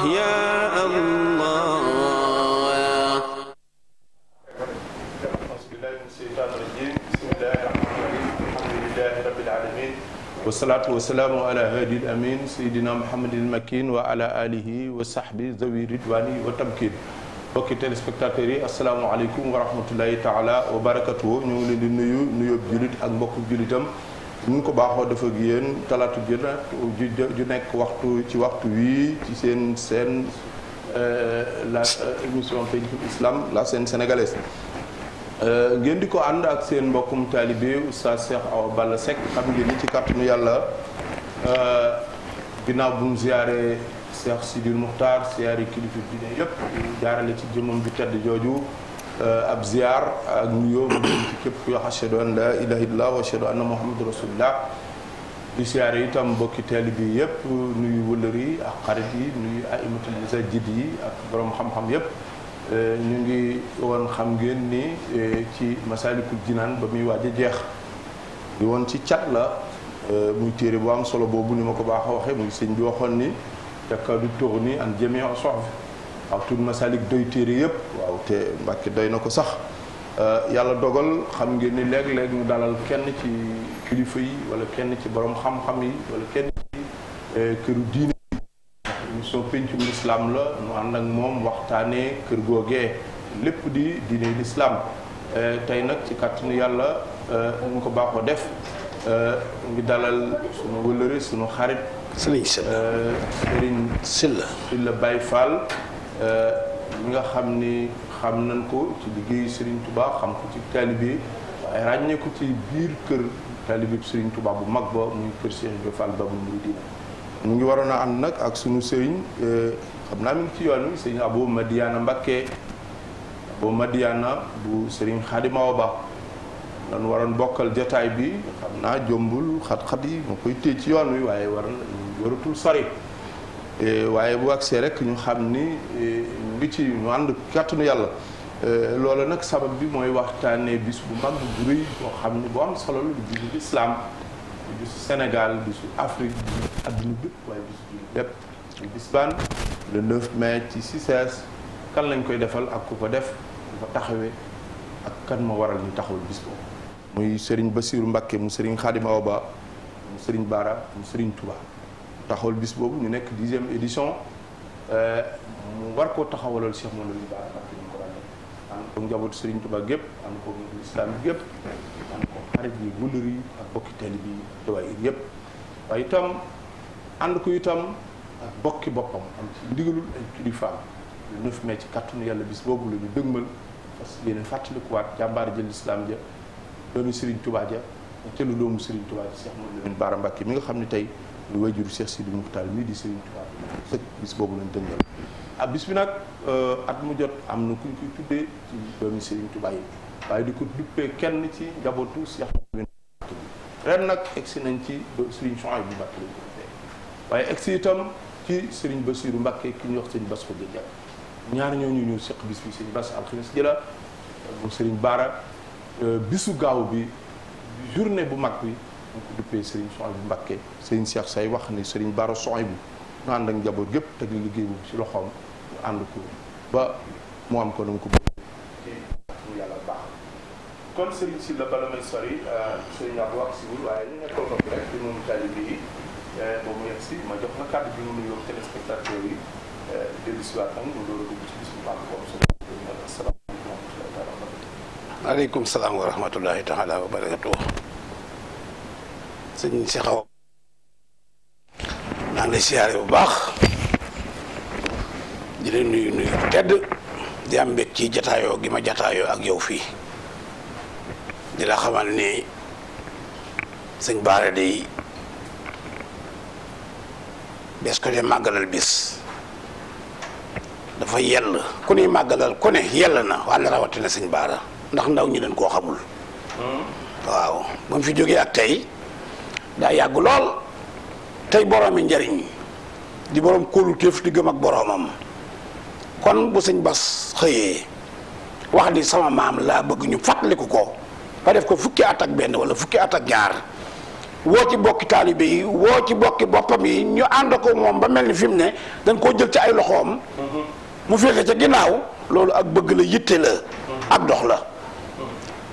الله يا الله والصلاة والسلام على هادي الأمين سيدنا محمد المكين وعلى آله وصحبه ذوي رضواني وتمكين بوكي تيليسبكتاتيري السلام عليكم ورحمة الله تعالى وبركاته نيو لي نيو نيو جوليت اك بوك mun ko baaxoo dafa ak talaatu talaata ju nekk ju nekk waxtu ci waxtu wii ci seen seen euh, la euh, émission pencum islam la seen sénégalaise euh, ngeen di ko ànd ak seen mbokkum taalibe oustaz Cheikh Awa Balla xam ngeen ni ci kàttanu yàlla ginnaaw bu mu ziyaare Cheikh Sidil Muxtaar ziyaare kilifa diine yëpp jaarale ci jëmmam ju tedd jooju ab ziar ak nuyoo mu jëm ci képp ku wax ashhadu an la ilaha illallah wa ashhadu anna muhammadu rasulullah di siyaare itam mbokki teel bi yëpp nuyu wëllër yi ak xarit yi nuyu aimatul masajid yi ak borom xam-xam yëpp ñu ngi woon xam ngeen ni ci masalikul jinaan ba muy waaj a jeex di woon ci cat la muy téere bu am solo boobu ni ma ko baax a waxee muy sëñ bi waxoon ni takkaadu toog ni an jëmee soxfi waaw tudd Masalik doy téere yëpp waaw te Mbàkke doy na ko sax euh, yàlla dogal xam ngeen ni léeg-léeg dalal kenn ci kilifa yi walla kenn ci boroom xam-xam yi wala kenn ci euh, këru diine émission pencum lislaam la nu ànd ak moom waxtaanee kër googee lépp di diine lislaam euh, tey nag ci kàttanu yàlla ñu ko baaxoo def ngi dalal sunu wëllëre sunu xarit sëriñ Silla Silla Baye Fall li euh, nga xam ni xam nañ ko ci liggéey sëriñ Touba xam ko ci taalibe waaye ràññee ko ci biir kër taalibe Serigne Touba bu mag ba muy kër Cheikh Ibra Fall Babou Mouridina mu ngi waroon a ànd nag ak sunu Serigne euh, xam naa mi ngi ci yoon wi Serigne Abou Madiana Mbacké Abou Madiana bu sëriñ Khadima Oba lan waroon bokkal jataay bi xam naa jombul xat-xat yi moo koy téye ci yoon wi waaye war waratul sori waaye bu agsee rek ñu xam ni li ci ñu ànd kàttanu yàlla loolu nag sabab bi mooy waxtaanee bis bu mag bu rëy boo xam ni bu am solo lu bisu lislaam bisu Sénégal bisu Afrique bisu adduna bépp waaye bisu jullit bépp ñu bis baan le 9 mai ci CICES kan lañ koy defal ak ku ko def ku ko taxawee ak kan moo waral ñu taxawul bis boobu muy Serigne Bassirou Mbacké mu Serigne Khadim Awa Ba mu Serigne Bara mu Serigne Touba taxawal bis bobu ñu nekk e édition euh, mu war ko taxawalal Cheikh Mawlana Lamine Bara Mbacké ñu ko am ko njabootu Serigne Touba gep am ko islam gep am ko xarit yi wëllër yi ak bokki taalib bi dawaay it yëpp waaye itam ànd ko itam ak bokki bopam am ci ndigalul ay kilifaam le 9 mai ci kàttanu yalla bis bobu lu ñu dëgmal parce que yéen wat jabar jël islam ja doomi Serigne Touba ja lu doomu Serigne Touba ci Cheikh Mawlana Lamine Bara Mbacké mi nga xamni tay muy wajuru Cheikh Sidi Moukhtar mii di Serigne Touba boobu lañ dëngal ab ah, bis bi nag euh, at mu jot am na kuñ koy tuddee waaye di ko duppee kenn ci njabootu Cheikh bi ren nag egsi nañ ci Serigne Souhaïbou bu Mbacké lañ ko tuddee waaye ci Serigne Bassirou Mbacké ki ñuy wax Serigne Bass ko ñaar ñooñu ñëw seq bis bi Serigne Bass alxames jëla moom Serigne Bara euh, bisu gaaw bi journée bu mag bi duppee sëriñ Soxna bu Mbàkke Cheikh say wax ni sëriñ Baro bu ñu ànd ak njaboot gépp liggéey bu ci loxoom ñu ko ba mu am ko nu ko bëgg kon sëriñ si la sori euh, sëriñ Abdu wax si wul ñu nekkoon ko rek di moom taalibe yi euh, mu ma jox bi mu yi euh, waat mu ci wa rahmatullahi taala wa barakatuh sëñ si xaw maa ngi siyaare bu baax di la nuyu nuyu tedd di am mbég ci jataayoo gi ma jataayoo ak yow fii di la xamal ni sëñ Baara day bes ko dee màggalal bis dafa yell ko ne màggalal ku ne yell na walla rawatina sëñ Baara ndax ndaw ñi dañ koo xamul hmm? waaw ba mu fi jógee ak tey daa yàgg lool tey boroomi njariñ di boroom kóoluteef di gëm ak boroomam kon bu sëñ Bas xëyee wax ni sama maam laa bëgg ñu fàttaliku ko ba def ko fukki at ak benn wala fukki at ak ñaar woo ci bokki taalibe yi woo ci bokki boppam yi ñu ànd ko moom ba mel ni fi mu ne dañ koo jël ci ay loxoom mu féete ca ginnaaw loolu ak bëgg la yitte la ak dox la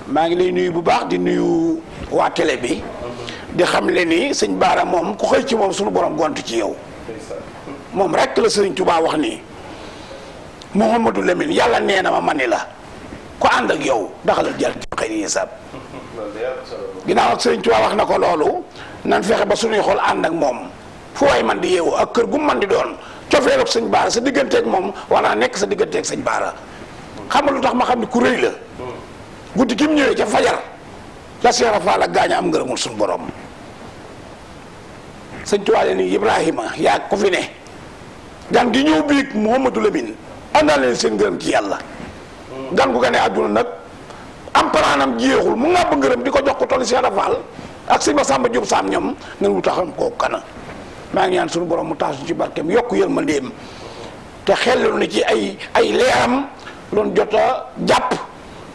maa ngi lay nuyu bu baax di nuyu waa tele bi di xam le ni sëñ baara moom ku xëy ci moom suñu borom gont ci yow moom rek la sëriñ tubaa wax nii Muhammadu Lamin yàlla nee na ma mani la ko ànd ak yow daxalal jàll ci xëy ni sab ginnaaw ak sëriñ Tuubaa wax na ko loolu nan fexe ba suñuy xool ànd ak moom fu waay man di yeewoo ak kër gu man di doon cofeelu ak sëñ baara sa digganteeg moom wala nekk sa digganteeg sëñ baara xam nga lu tax ma xam ni ku rëy la guddi gi mu ñëwee ca fajar la siara Rafal la gaña am ngërëmul sun borom sëñ Tuwaale ni Ibrahima ya ku fi ne dan gi ñew biig Mouhamadou Lamine andal leen seen ngërëm ci yalla dan ku gane aduna nak am paraanam jeexul mu ngab ngërëm di jox ko tolli Cheikh Rafal ak sëñ samba Diop Sam ñom nan lu taxam ko kana ma ngi ñaan sun borom mu tax ci barkeem yokk te xellu ni ci ay ay leeram lon jota japp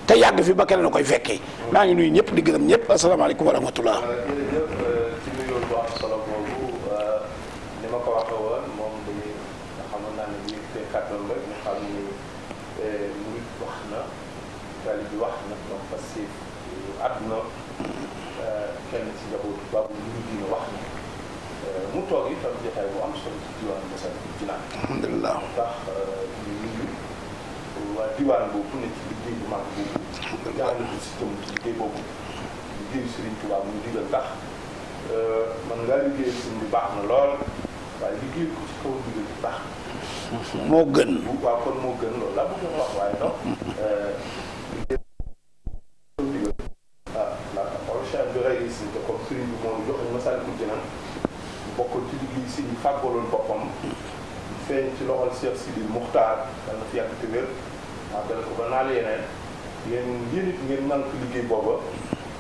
te yàgg fi ba keneen a koy fekki maa ngi nuyu ñëpp di gërëm ñëpp asalaamaaleykum wa rahmatullah Serigne Touba muy digal tax mën ngaa liggéeyal suñ bi baax na lool waaye liggéey ko ci kaw digal bi moo gën waaw kon moo gën loolu laa bëgg a wax waaye donc bokkoon ci liggéey si ñu fàggaloon boppam feeñ ci loxol Cheikh Sidi Muxtaar dana fi yàgg te wér dana ko ba naal yeneen yéen yéen ngeen man ko liggéey booba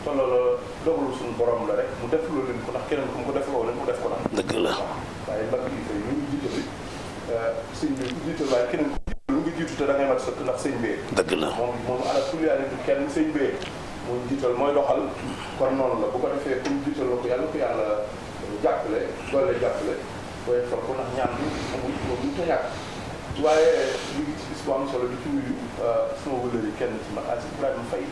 te loolu dogalu suñu borom la rek mu def lu leen ko ndax keneen ku mu ko def loo leen mu def ko ndax. dëgg la waaye mbakk yi tey ñu ngi jiite bi euh, sëñ bi jiite waaye lu ngi jiitu te da ngay mat sëkk bee. dëgg la moom moom ala tuliyaane du kenn sëñ bee mooy jiital mooy doxal kon noonu la bu ko defee comme jiital la ko yàlla ko yàlla jàppale doole jàppale booy fal ko ndax ñaan bi amul boobu ñu ta yàgg waaye ñu ngi ci bis bu am solo di ci nuyu euh, sama wëlëri kenn ci ma Aziz Ibrahima Faye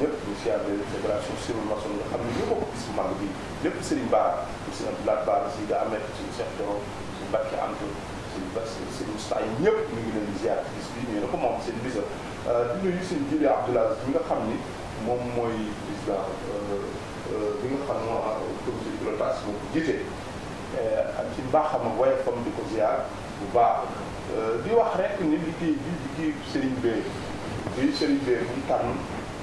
ñépp ñu siyaar leen fédération Sirul Mason nga xam ne ñoo ko bis bu mag bi lépp sëriñ Baara ñu si Abdou Lahad Baara si da amet suñu Cheikh Doro suñu Mbacke Anta suñu Bass suñu Moustapha yi ñëpp ñu ngi leen di ziar bis bi ñu ne ko moom seen bisa euh, di bi nga xam ni moom mooy président euh, euh, bi nga xam moo comité de pilotage moo ko jiite ak ci mbaaxam ak woyofam di ko ziar bu baax di wax rek ni liggéey bi liggéey Serigne Beye bi Serigne Beye bu mu tànn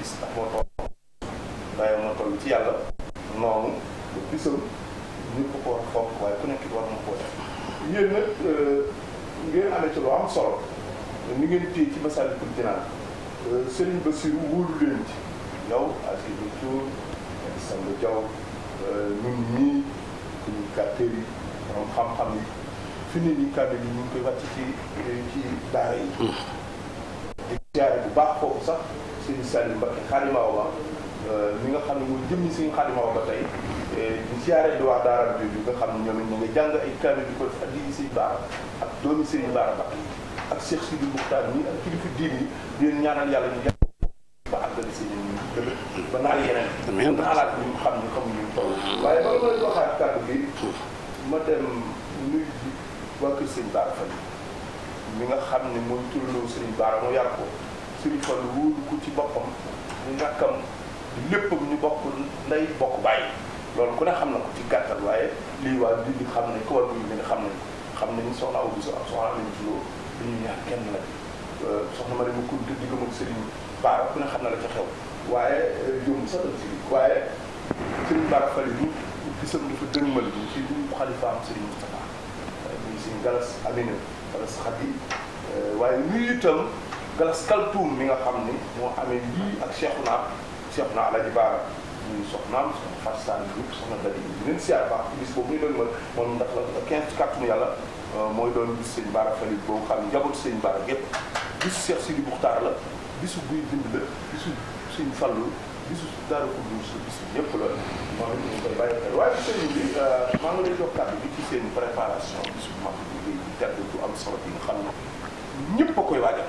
gis ndax moo toll toll ci yàlla noonu ba gisal ñëpp ko war a fonk waaye ku nekk war na koo def yéen euh, ngeen amee ci lu am ni ngeen téye ci Masaalikul Jinaan euh, Serigne Bassirou wóolu leen ci yow ak i bi Thiour ak Samba Diaw euh, ñun ñii suñu kàtteer yi borom xam-xam yi fi ne nii kàddu yi ñu ngi koy wàcc ci ci daara yi hmm. di jaare bu baax foofu sax Serigne Saliou Mbacké Xaadimu euh, Awa mi nga xam ne mooy jëmmi Serigne Xaadimu Awa ba tey euh, di siyaare di wax daara bi nga xam ne ñoom it ñu ay kaamil di ko def ak ak doomi Serigne Bara Mbacké ak Cheikh Sidi Moukhtar ñi ak kilifa diin yi di leen ñaanal yàlla ñu ba i ba naal bi ma waxaat kàddu gi ma mi nga xam ne mooy turloo Serigne Bara mu yar ko sëriñ Fallu wóolu ko ci boppam ñu ñàkkam léppam ñu bokk nday bokk bàyyi loolu ku ne xam na ko ci gàttal waaye lii waa dindi xam nañ ko war buy li nga xam nañ xam nañ soxna aw bi soxna soxna amin ci loo dañu ñaar kenn la soxna ma dama kunte diggam ak sëriñ Baara ku ne xam na la ca xew waaye yomb sax ak sëriñ waaye sëriñ Baara Fali ñu gisam dafa dëngmal bi ci du xalifaam sëriñ Moustapha muy sëriñ Galas Amina Galas Xadi waaye nuyu itam Galas Kaltoum mi nga xam ni moo amee lii ak Cheikh Naar Cheikh Naar la di baara muy soxnaam soxna Fatou Sane Diop soxna Dali di leen siyaar baax ci bis boobu muy euh, mooy doon bis sëñ Baara Fali boobu xam njabootu sëñ Baara gépp bisu Cheikh Sidi Buxtaar la bisu buy bind la bisu suñ fallu bisu daara ko dul su bisu ñëpp la moom ñu ngi koy bàyyi xel waaye sëñ bi euh, maa am solo bi nga xam ne ñëpp a koy waajal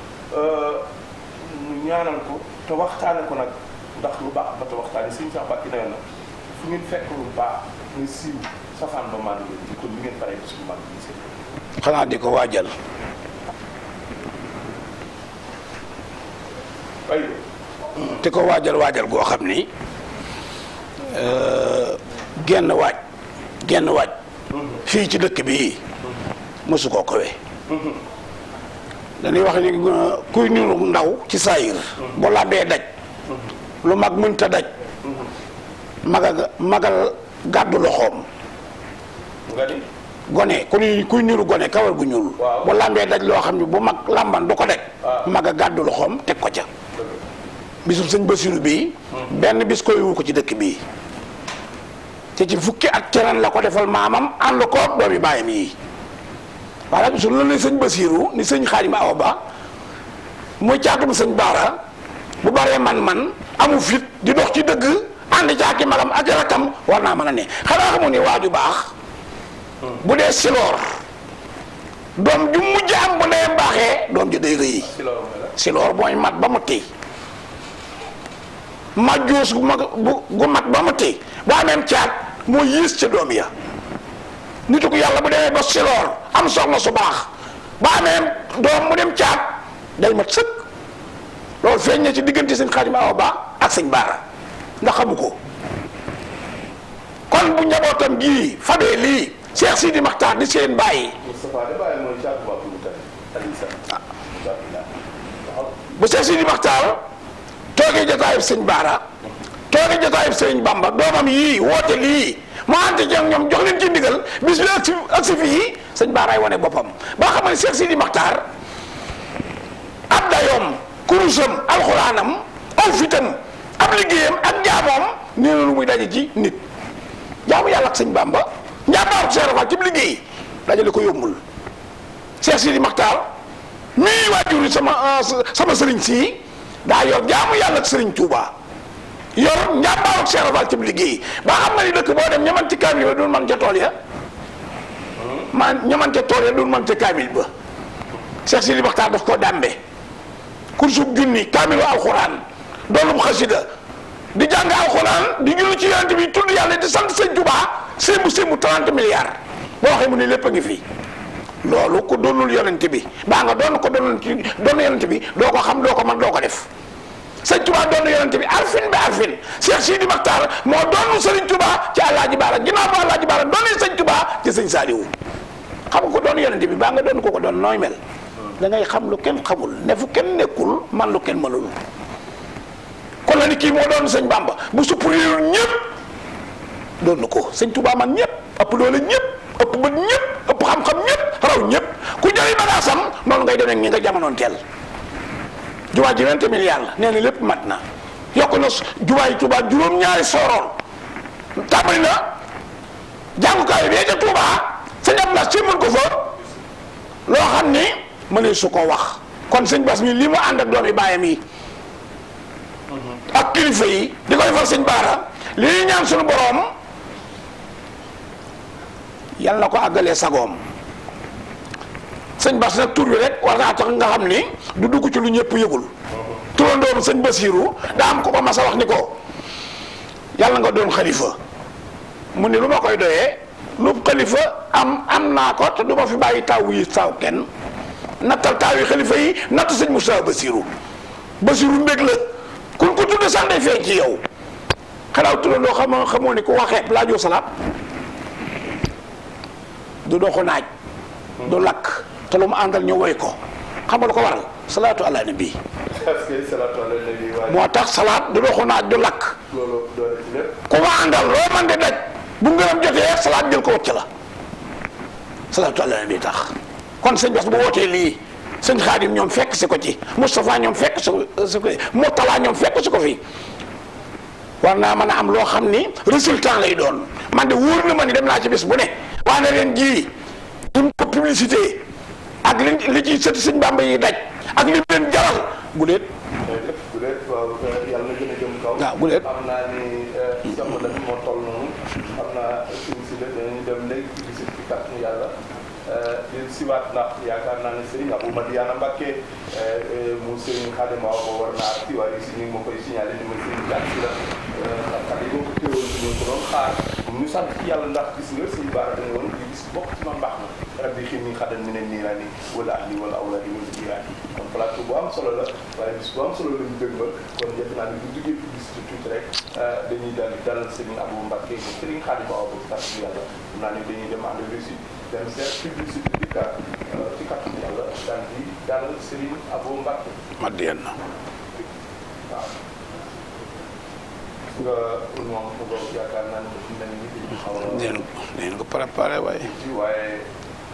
ñu euh, ñaanal ko te waxtaane ko nag ndax lu baax ba te waxtaane suñu sax bàkki nawet na fu ngeen fekk lu baax nga siiw safaan ba maa ngi ko li ngeen paree suñu mag bi xanaa di ko waajal te ko waajal waajal goo xam ni euh, genn waaj genn waaj mm-hmm. fii ci dëkk bi mm-hmm. mosu koo kowe mm-hmm. dañuy wax ni uh, kuy niru ndaw ci saayir bu labee daj lu mag mënta daj maga magal gàddu loxoom gone ku ni kuy niru gone kawar gu ñuul bu lambee daj loo xam ne bu mag làmban du ko daj maga gàddu loxoom teg ko ca bisub sëñ Basiru bii benn bis koy wu ko ci dëkk bii te ci fukki at ceren la ko defal maamam ànd ko doomi baayam yi maanaam su la ne sëñ basiru ni sëñ Xaadim oba mo muy caatum bara Baara bu baree man-man amu fit di dox ci dëgg ànd caaki malam, ak rakkam warna mana mën a ne xanaa xamu ni waaju baax bu dee silor doom ju mujj am bu ndeyam baaxee doom ji day rëy siloor mooy mat ba mu tey majjuus gu mat ba mu tey bu ya nitu ku yàlla bu demee ba siloor am ma su baax ba amee doom mu dem caat day mat sëkk loolu feeñ na ci diggante sëñ Xaadim Awa Ba ak sëñ Baara ndax xamu ko kon bu njabootam gii fabee lii Cheikh Sidi Maxtaar di seen bàyyi bu Cheikh Sidi Maxtaar toogee jotaayub sëñ Baara toogee jotaayub sëñ Bamba doomam yii woote lii mu ànd ci ñoom jox leen ci ndigal bis bi ak si ak si fii sëñ baaraay wane boppam ba xam ne Cheikh Sidi Maxtaar ab dayoom kurusam alxuraanam aw fitam ab liggéeyam ak jaamoom nee lu muy daje ci nit jaamu yàlla ak sëñ Bamba njàmbaaru Cheikh Rafal ci liggéey dajale ko yombul Cheikh Sidi Maxtaar mii waajuri sama sama sëriñ sii daa yor jaamu yàlla ak sëriñ Touba. yor njàmbaaru Cheikh Ibra Fall liggéey ba na ni dëkk boo dem ñamante kaamil ba man ca tool ya ma ñamante tool ya duñ man ca kaamil ba Cheikh Sidi Baxtaar daf koo dàmbe kursu junni kaamilu alxuraan doolum xasida di jàng alxuraan di julli ci yonent bi tudd yàlla di sant sëñ Tuubaa sémbu sémbu 30 milliards boo waxee mu lépp a ngi fii loolu ko doonul yonent bi baa nga doon ko doonul ci doon yonent bi doo ko xam doo ko mag doo ko def sëñ Touba doon na yonente bi arfin bi arfin Cheikh Sidi Makhtar moo doonu Serigne Touba ci Alaaji Baara ginnaaw ba Alaaji Baara doonee sëñ Touba ci sëñ Saliou xam nga ko doon yonente bi baa nga doon ko ko doon nooy mel da ngay xam lu kenn xamul ne fu kenn nekkul man lu kenn mënul kon la ni kii moo doon sëñ Bamba bu supp réew ñëpp doon na ko sëñ Touba man ñëpp ëpp la ñëpp ëpp bët ñëpp ëpp xam-xam ñëpp raw ñëpp ku jëri bagaasam noonu ngay demee ñi nga jamonoon teel jumaa ji wente mil yalla neena lepp matna mat na yokk na jumaa yi Touba juróom-ñaari sooroon tàmbali na jàngukaay bi ca Touba sëñ Abdoulaye si mën ko fo lo xamni ni su ko wax kon sëñ Bass mi limu and ak doomi bàyyam yi ak kilifa yi di ko defal sëñ li ñaan suñu borom yalla ko àggalee sagom sëñ bas nag tur bi rek war naa tax nga xam ni du dugg ci lu ñëpp yëgul turandoom sëñ Basiiru daa am ko ko mas a wax ni ko yàlla nga doon xalifa mu ni lu ma koy doyee lu xalifa am am naa ko te du ma fi bàyyi taw yi taw kenn nattal taaw yi xalifa yi natt la kun ko tudde sax day feeñ ci yow xanaa turandoo xam xamoo ni ku waxeeb laajoo salaat du doxu naaj du lakk te lu mu àndal ñu woy ko xam lu ko waral salaatu ala nabi moo tax salat du doxu naaj du lakk ku ma àndal loo man di daj bu ngërëm jotee ya, salaat jël ko wacc la salaatu ala nabi tax kon sëñ bas bu wootee lii sëñ xaadim ñoom fekk si ko ci moustapha ñoom fekk si ko ñoom fekk si ko fi war naa mën a am loo xam ni résultat lay doon man de wóor na ma ni dem naa ci bis bu ne waa na leen publicité ak li li ci seut seigne bamba yi daj ak li len jaral gudet gudet waaw yàlla gën a jëm kaw waaw guleet am ni eh, jamono bi moo toll noonu xam naa suñ def dañu dem léegi ci bisit ci kàttanu yàlla eh, il siwaat ndax yaakaar naa ne sëriñ Abou Madiana Mbacke eh, mu sëriñ Xadim Awa war ci si ñu koy ni la ko ko rabbi xinni xadan min niiraani wala am solo la waaye bis bu am solo la ñu dëgmal kon def naa ne bu jugee publicité tuuti rek euh, dañuy dal dalal Serigne Abou Mbacké euh, di dalal nga a. dinañ ko préparé waaye.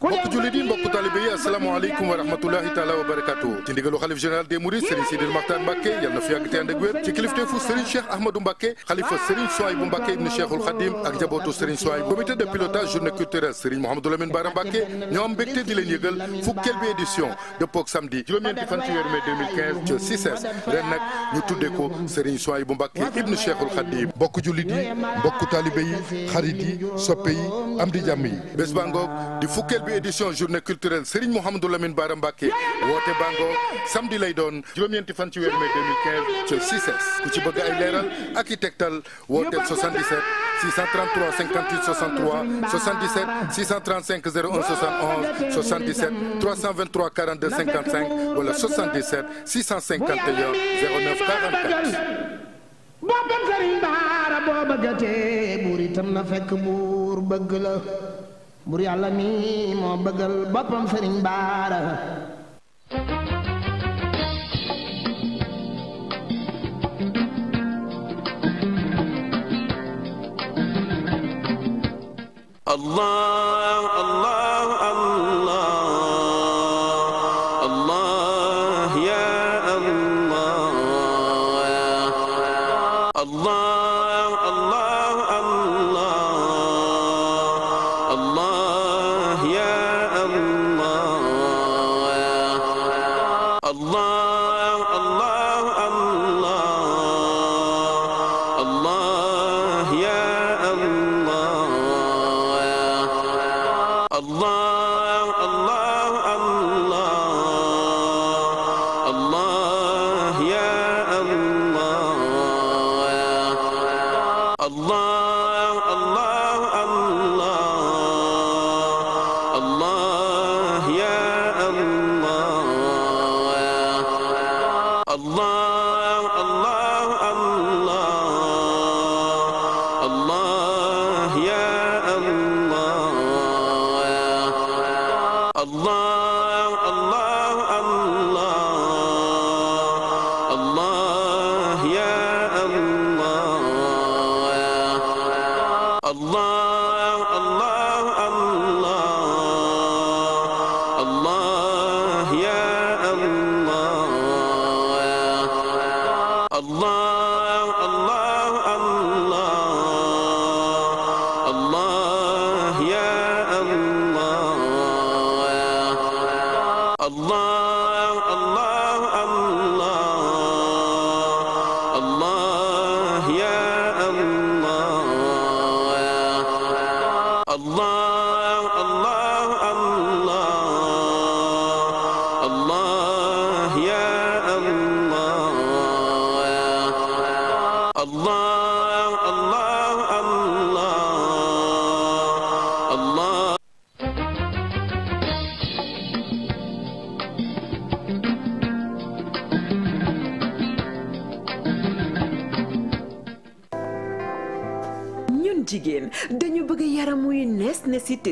mbokk jullit yi mbokk taalibe yi asalaamaaleykum wa rahmatulahi taala wa barakatu ci ndigalu xalif général des mourides Serigne Sidil Maxtaar Mbacke yal na fi yàgg te ànd ak wér ci kilifteefu Serigne Cheikh Ahmadou Mbacke xalifa Serigne Souhaïbou Mbacke ibnu Cheikhul Khadim ak njabootu Serigne Souhaïbou comité de pilotage journée culturelle Serigne Mouhamadou Lamine Bara Mbacke ñoo am mbégte di leen yëgal fukkeel bi édition dëppook samedi ci ren nag ñu tuddee ko Serigne édition journée culturelle C'est le Lamine Barambake, Baké. wote bango samedi lay don fan 2015 ci s ku ci bëgg ay Water 77 633 58 63 77 635 01 71 77 323 42 55 wala 77 651 09 44. na fekk bëgg la. bur yàlla mi moo bëggal boppam sëriñ baara Allah Allah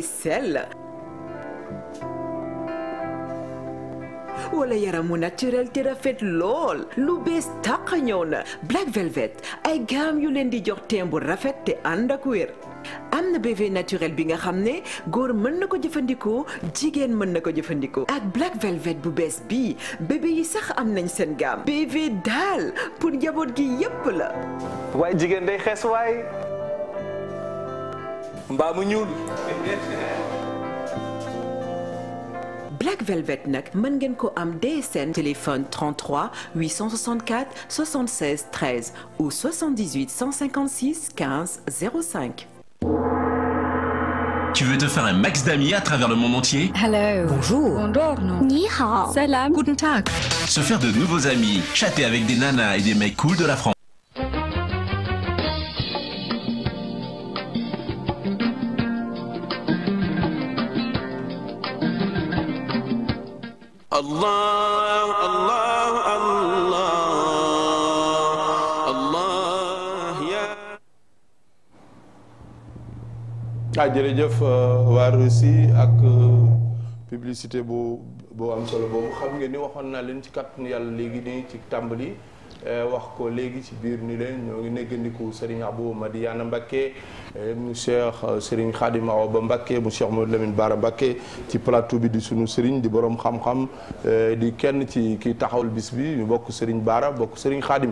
Celle ou la naturel mon rafet lol. fait lol. tàq ñëw Black Velvet ay gam yu leen di jox rafet te anda ak am naturel binga nga Gour ne góor mën Jigen ko jëfandikoo jigéen mën ak Black Velvet bu bi. bébé yi sax am nañ seen gam. dal, pour njaboot gi yépp la day mbaa Black Velvet nak mën ko am DSN téléphone 33 864 76 13 ou 78 156 15 05. Tu veux te faire un max d'amis à travers le monde entier Hello. Bonjour. Ni hao. Salam. Guten Tag. Se faire de nouveaux amis, chatter avec des nanas et des mecs cool de la France. jërëjëf euh, waa Russie ak euh, publicité bu boo am solo boobu xam ngeen ni waxoon naa leen ci kàttanu yàlla léegi nii ci tàmbali Eh, wax ko léegi ci biir ni leen ñoo ngi néggandiku Serigne Abou Madiana Mbacké eh, mu Cheikh eh, sëriñ Khadim Awa Ba Mbacké mu Cheikh Mouhamadou Lamine Bara Mbacké ci plateau bi di suñu Serigne di boroom xam-xam di kenn ci kii taxawul bis bi ñu bokk Serigne Bara bokk sëriñ Khadim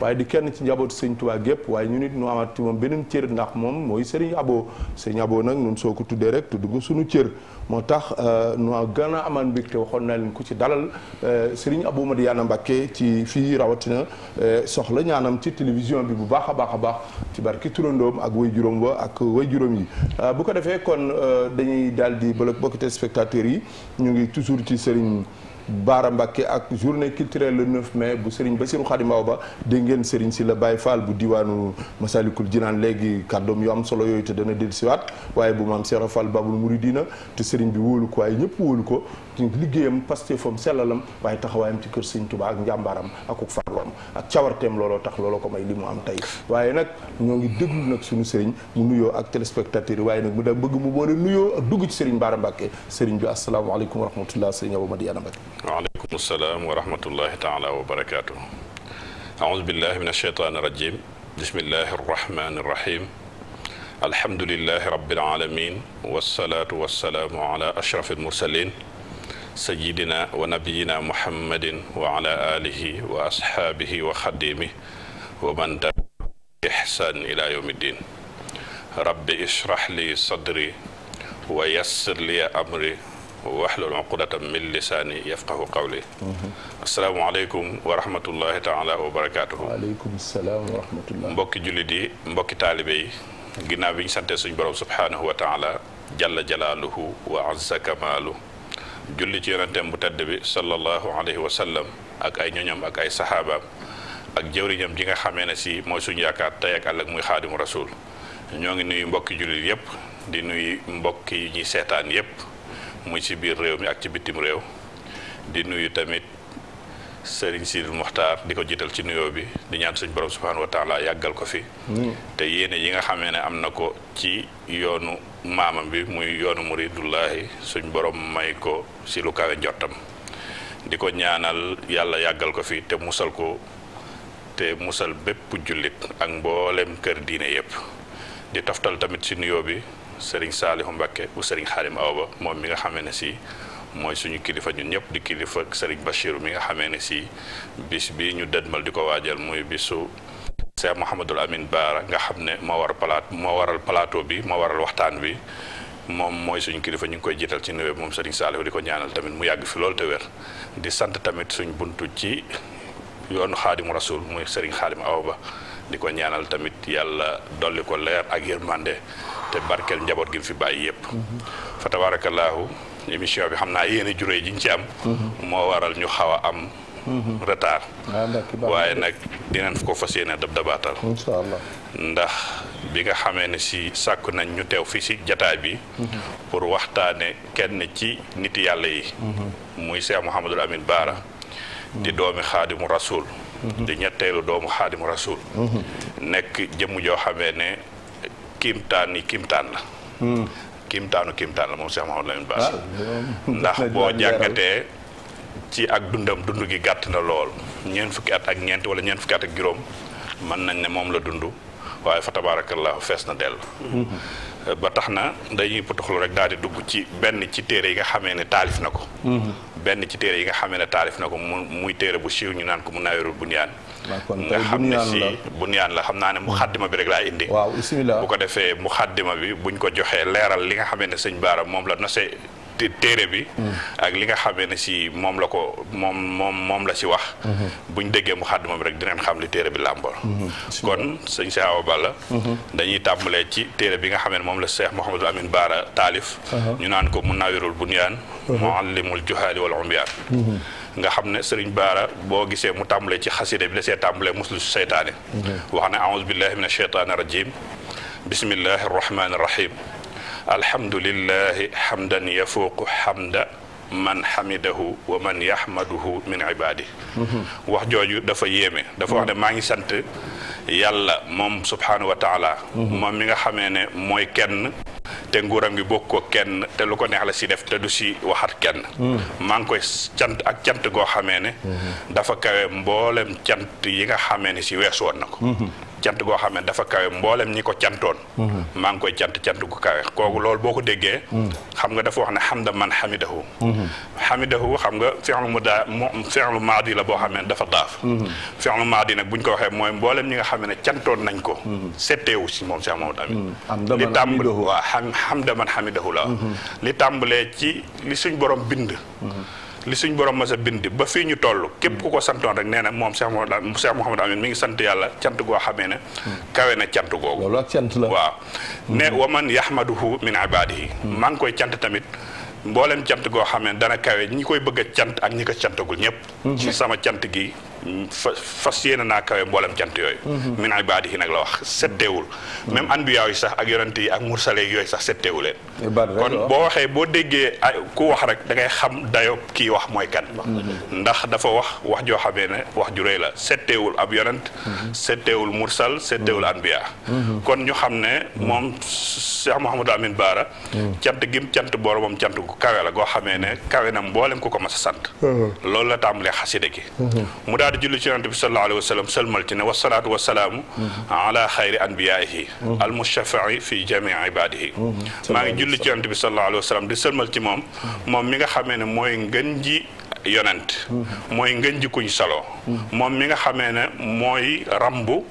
waaye di kenn ci njabootu Serigne Touba gépp waaye ñu nit ñu amaat moom beneen cër ndax moom mooy Serigne Abou Serigne Abou nag ñun soo ko tuddee rek tudd ko sunu cër moo tax euh, nu gën a amaan mbégte waxoon naa leen ku ci dalal euh, Serigne Abou Madiyana Mbacké ci fii rawatina euh, soxla ñaanam ci télévision bi bu baax a baax a baax ci barki turandoom ak way juróom wa ak way juróom yi bu ko defee kon dañuy daal di bokk spectateurs yi ñu ngi toujours ci Serigne Baara Mbacke ak journée culturelle le 9 mai bu Serigne ba Khadim Awa Ba dégg ngeen Serigne si la Baye faal bu diwaanu Masalikul Jinaan léegi kàddoom yu am solo yooyu te dana dellusiwaat waaye bu maam Serigne Fall Babul diina te Serigne bi wóolu ko waaye ñëpp wóolu ko liggéeyam pastéefam sellalam waaye taxawaayam ci kër Sëñ Tuubaa ak njàmbaaram akuk farloom ak cawarteem looloo tax looloo ko may li mu am tey waaye nag ñoo ngi déglu nag suñu sëriñ mu nuyoo ak téléspectateurs yi waaye nag mu daa bëgg mu boole nuyoo ak dugg ci sëriñ Bara Mbàkke sëriñ bi asalaamaaleykum wa rahmatullah sëriñ Abou Madiyana Mbàkke waaleykum salaam wa rahmatullahi taala wa barakaatu aoudu billahi min alcheytaan irajim bismillahi arrahmani irrahim alhamdulilahi rabbil alamin wasalaatu wasalaamu ala ashraf almursalin سيدنا ونبينا محمد وعلى آله وأصحابه وخديمه ومن تبع إحسان إلى يوم الدين رب اشرح لي صدري ويسر لي أمري واحلل عقدة من لساني يفقه قولي السلام عليكم ورحمة الله تعالى وبركاته وعليكم السلام ورحمة الله مبكي جلدي مبكي طالبي ginnaaw سنتي سنبرو سبحانه وتعالى جل جلاله وعز كماله julli ci yonentem bu tedd bi sallallahu alayhi wa sallam ak ay ñooñam ak ay sahaba ak ñam ji nga xamé ne si moy suñu yaakaar tay ak Allah muy khadimu rasul ñoo ngi nuyu mbokk julli yépp di nuyu mbokk yi ñi sétane yépp muy ci biir réew mi ak ci bitim réew di nuyu tamit serigne sidil muhtar di ko ci nuyo bi di ñaan suñu borom subhanahu wa taala yagal ko fi te yene yi nga xamé ne am ko ci yoonu mamam bi muy yoonu muridullahi suñ borom may ko si lu kawe njottam di ko ñaanal yalla yagal ko fi te musal ko te musal bépp julit ak mboolem kër diine yépp di taftal tamit ci nuyo bi serigne salihou mbàkke bu serigne khalim awba mom mi nga xamee ne si moy suñu kilifa ñun ñëpp di kilifa serigne sering mi nga xamee si bis bi ñu dëdmal di ko moy bisu cheikh mouhamadul amin baara nga xam ne mawar war mawar moo waral plateau bi moo waral waxtaan bi moom mooy suñu kilifa ñu ngi koy jiital ci nuyoo moom Serigne Saliou di ko ñaanal tamit mu yàgg fi loolu te wer di sant tamit suñ buntu ci yoonu xaadimu rasul muy Serigne Xaadim Awa Ba di ko ñaanal tamit yàlla dolli ko leer ak yërmande te barkeel njaboot gi mu fi bàyyi yëpp. fa tabaarakallaahu émission bi xam naa yéen a juree ji ñu ci am. moo waral ñu xaw a am. Mm-hmm. retard. Ah, waaye nag dinañ ko fas yéene dab dabaatal. incha allah ndax bi nga xamé ne si sakku nañ ñu tew fi ci jataay bi pour waxtaane kenn ci nit yalla yi muy cheikh muhammadul amin bara di doomi xaadimu rasul di ñettelu doomu xaadimu rasul nek jëm jo xamé ne kimtaan yi kimtaan la kimtanu kimtan la mo cheikh muhammadul amin bara. ndax bo jàngatee ci ak dundam dundu gi gatt na lool ñeen fukki at ak ñent wala ñeen fukki at ak juroom man nañ ne mom la dundu waaye fa tabaarakallaahu fees na dell ba tax na dañuy potoxlu rek daal di dugg ci benn ci téere yi nga xamee ne taalif na ko benn ci téere yi nga xamee ne taalif na ko mu muy téere bu siiw ñu naan ko mu naweerul bunyaan nga xam ne si bunyaan la xam naa ne mu xaddima bi rek laa indi waaw bismillah bu ko defee mu xaddima bi buñ ko joxee leeral li nga xamee ne sëñ Baara moom la nosee téere bi ak li nga xamee ne si moom la ko moom moom moom la si wax buñ déggee mu xàdd moom rek dinañ xam li téere bi làmboo kon sëñ Cheikh Awa Balla dañuy tàmbulee ci téere bi nga xamee ne moom la Cheikh Mouhamadul Amin Baara taalif ñu naan ko mu Munawirul Bunyaan Muallimul Juhaali wal Umyaan nga xam ne sëriñ Baara boo gisee mu tàmbalee ci xasida bi da see tàmbalee muslu si seytaane wax ne aouzu billahi min asheytaani rajim bismillahi rahmaani rahim alhamdulillahi hamdan yafuuqu hamda man hamidahu wa man yahmaduhu min ibadi wax jooju dafa yéeme dafa wax ne maa ngi sant yàlla moom subhanahu wa moom mi nga xamee ne mooy kenn te nguuram gi bokk ko kenn te lu ko neex la si def te du si waxaat kenn maa ngi koy cant ak cant goo xamee ne dafa kawe mboolem cant yi nga xamee ne si wees woon na ko cant goo xam ne dafa kawe mboolem ñi ko cantoon mm-hmm. maa ngi koy cant cant gu kawe kooku loolu boo ko déggee mm-hmm. xam nga dafa wax ne xamda man xamidahu xamidahu mm-hmm. xam nga fi'lu mudaa fi'lu maadi la boo xam ne dafa daaf fi'lu maadi nag buñ ko waxee mooy mboolem ñi nga xam ne cantoon nañ ko setteewu si moom Cheikh Mamadou Amin li tàmbale waaw xam xamda man xamidahu la li tàmbalee ci li suñ borom bind li suñ borom ma a bind ba fii ñu toll képp ku ko santoon rek nee na moom Cheikh Mouhamed Cheikh Mouhamed Amine mi ngi sant yàlla cant goo ne kawe na cant googu loolu ak cant la waaw mm-hmm. ne waman yahmaduhu min ibadihi mm-hmm. maa ngi koy cant tamit mboolem cant goo xamee ne dana kawe ñi koy bëgg a cant ak ñi ko cantagul ñëpp mm-hmm. ci sama cant gi fas yéene naa kawe mboolem cant yooyu mhm. min ibaadihi nag la wax setteewul mhm. même anbiyaaw yi sax ak yonent yi ak mursale yooyu sax setteewu leen kon boo waxee boo déggee ah, ku wax rek da ngay xam dayo kii wax mooy kan ndax dafa wax wax joo xamee ne wax ju réy la setteewul ab yonent mhm. setteewul mursal setteewul anbiya kon ñu xam ne moom Cheikh Mouhamadou Amine Baara cant gim cant boromam cant gu kawe la goo xamee ne kawe na mboolem ku ko mas a sant loolu la tàmbalee daal di julli ci yonent bi sallallahu alayhi wa sallam sëlmal ci ne wasalaatu wasalaamu ala xayri anbiyaayihi almushafai fi jamii ibadihi maa ngi julli ci yonent bi sallallahu alayhi wa sallam di sëlmal ci moom moom mi nga xamee ne mooy ngën ji yonent mooy ngën ji kuñ solo moom mi nga xamee ne mooy rambu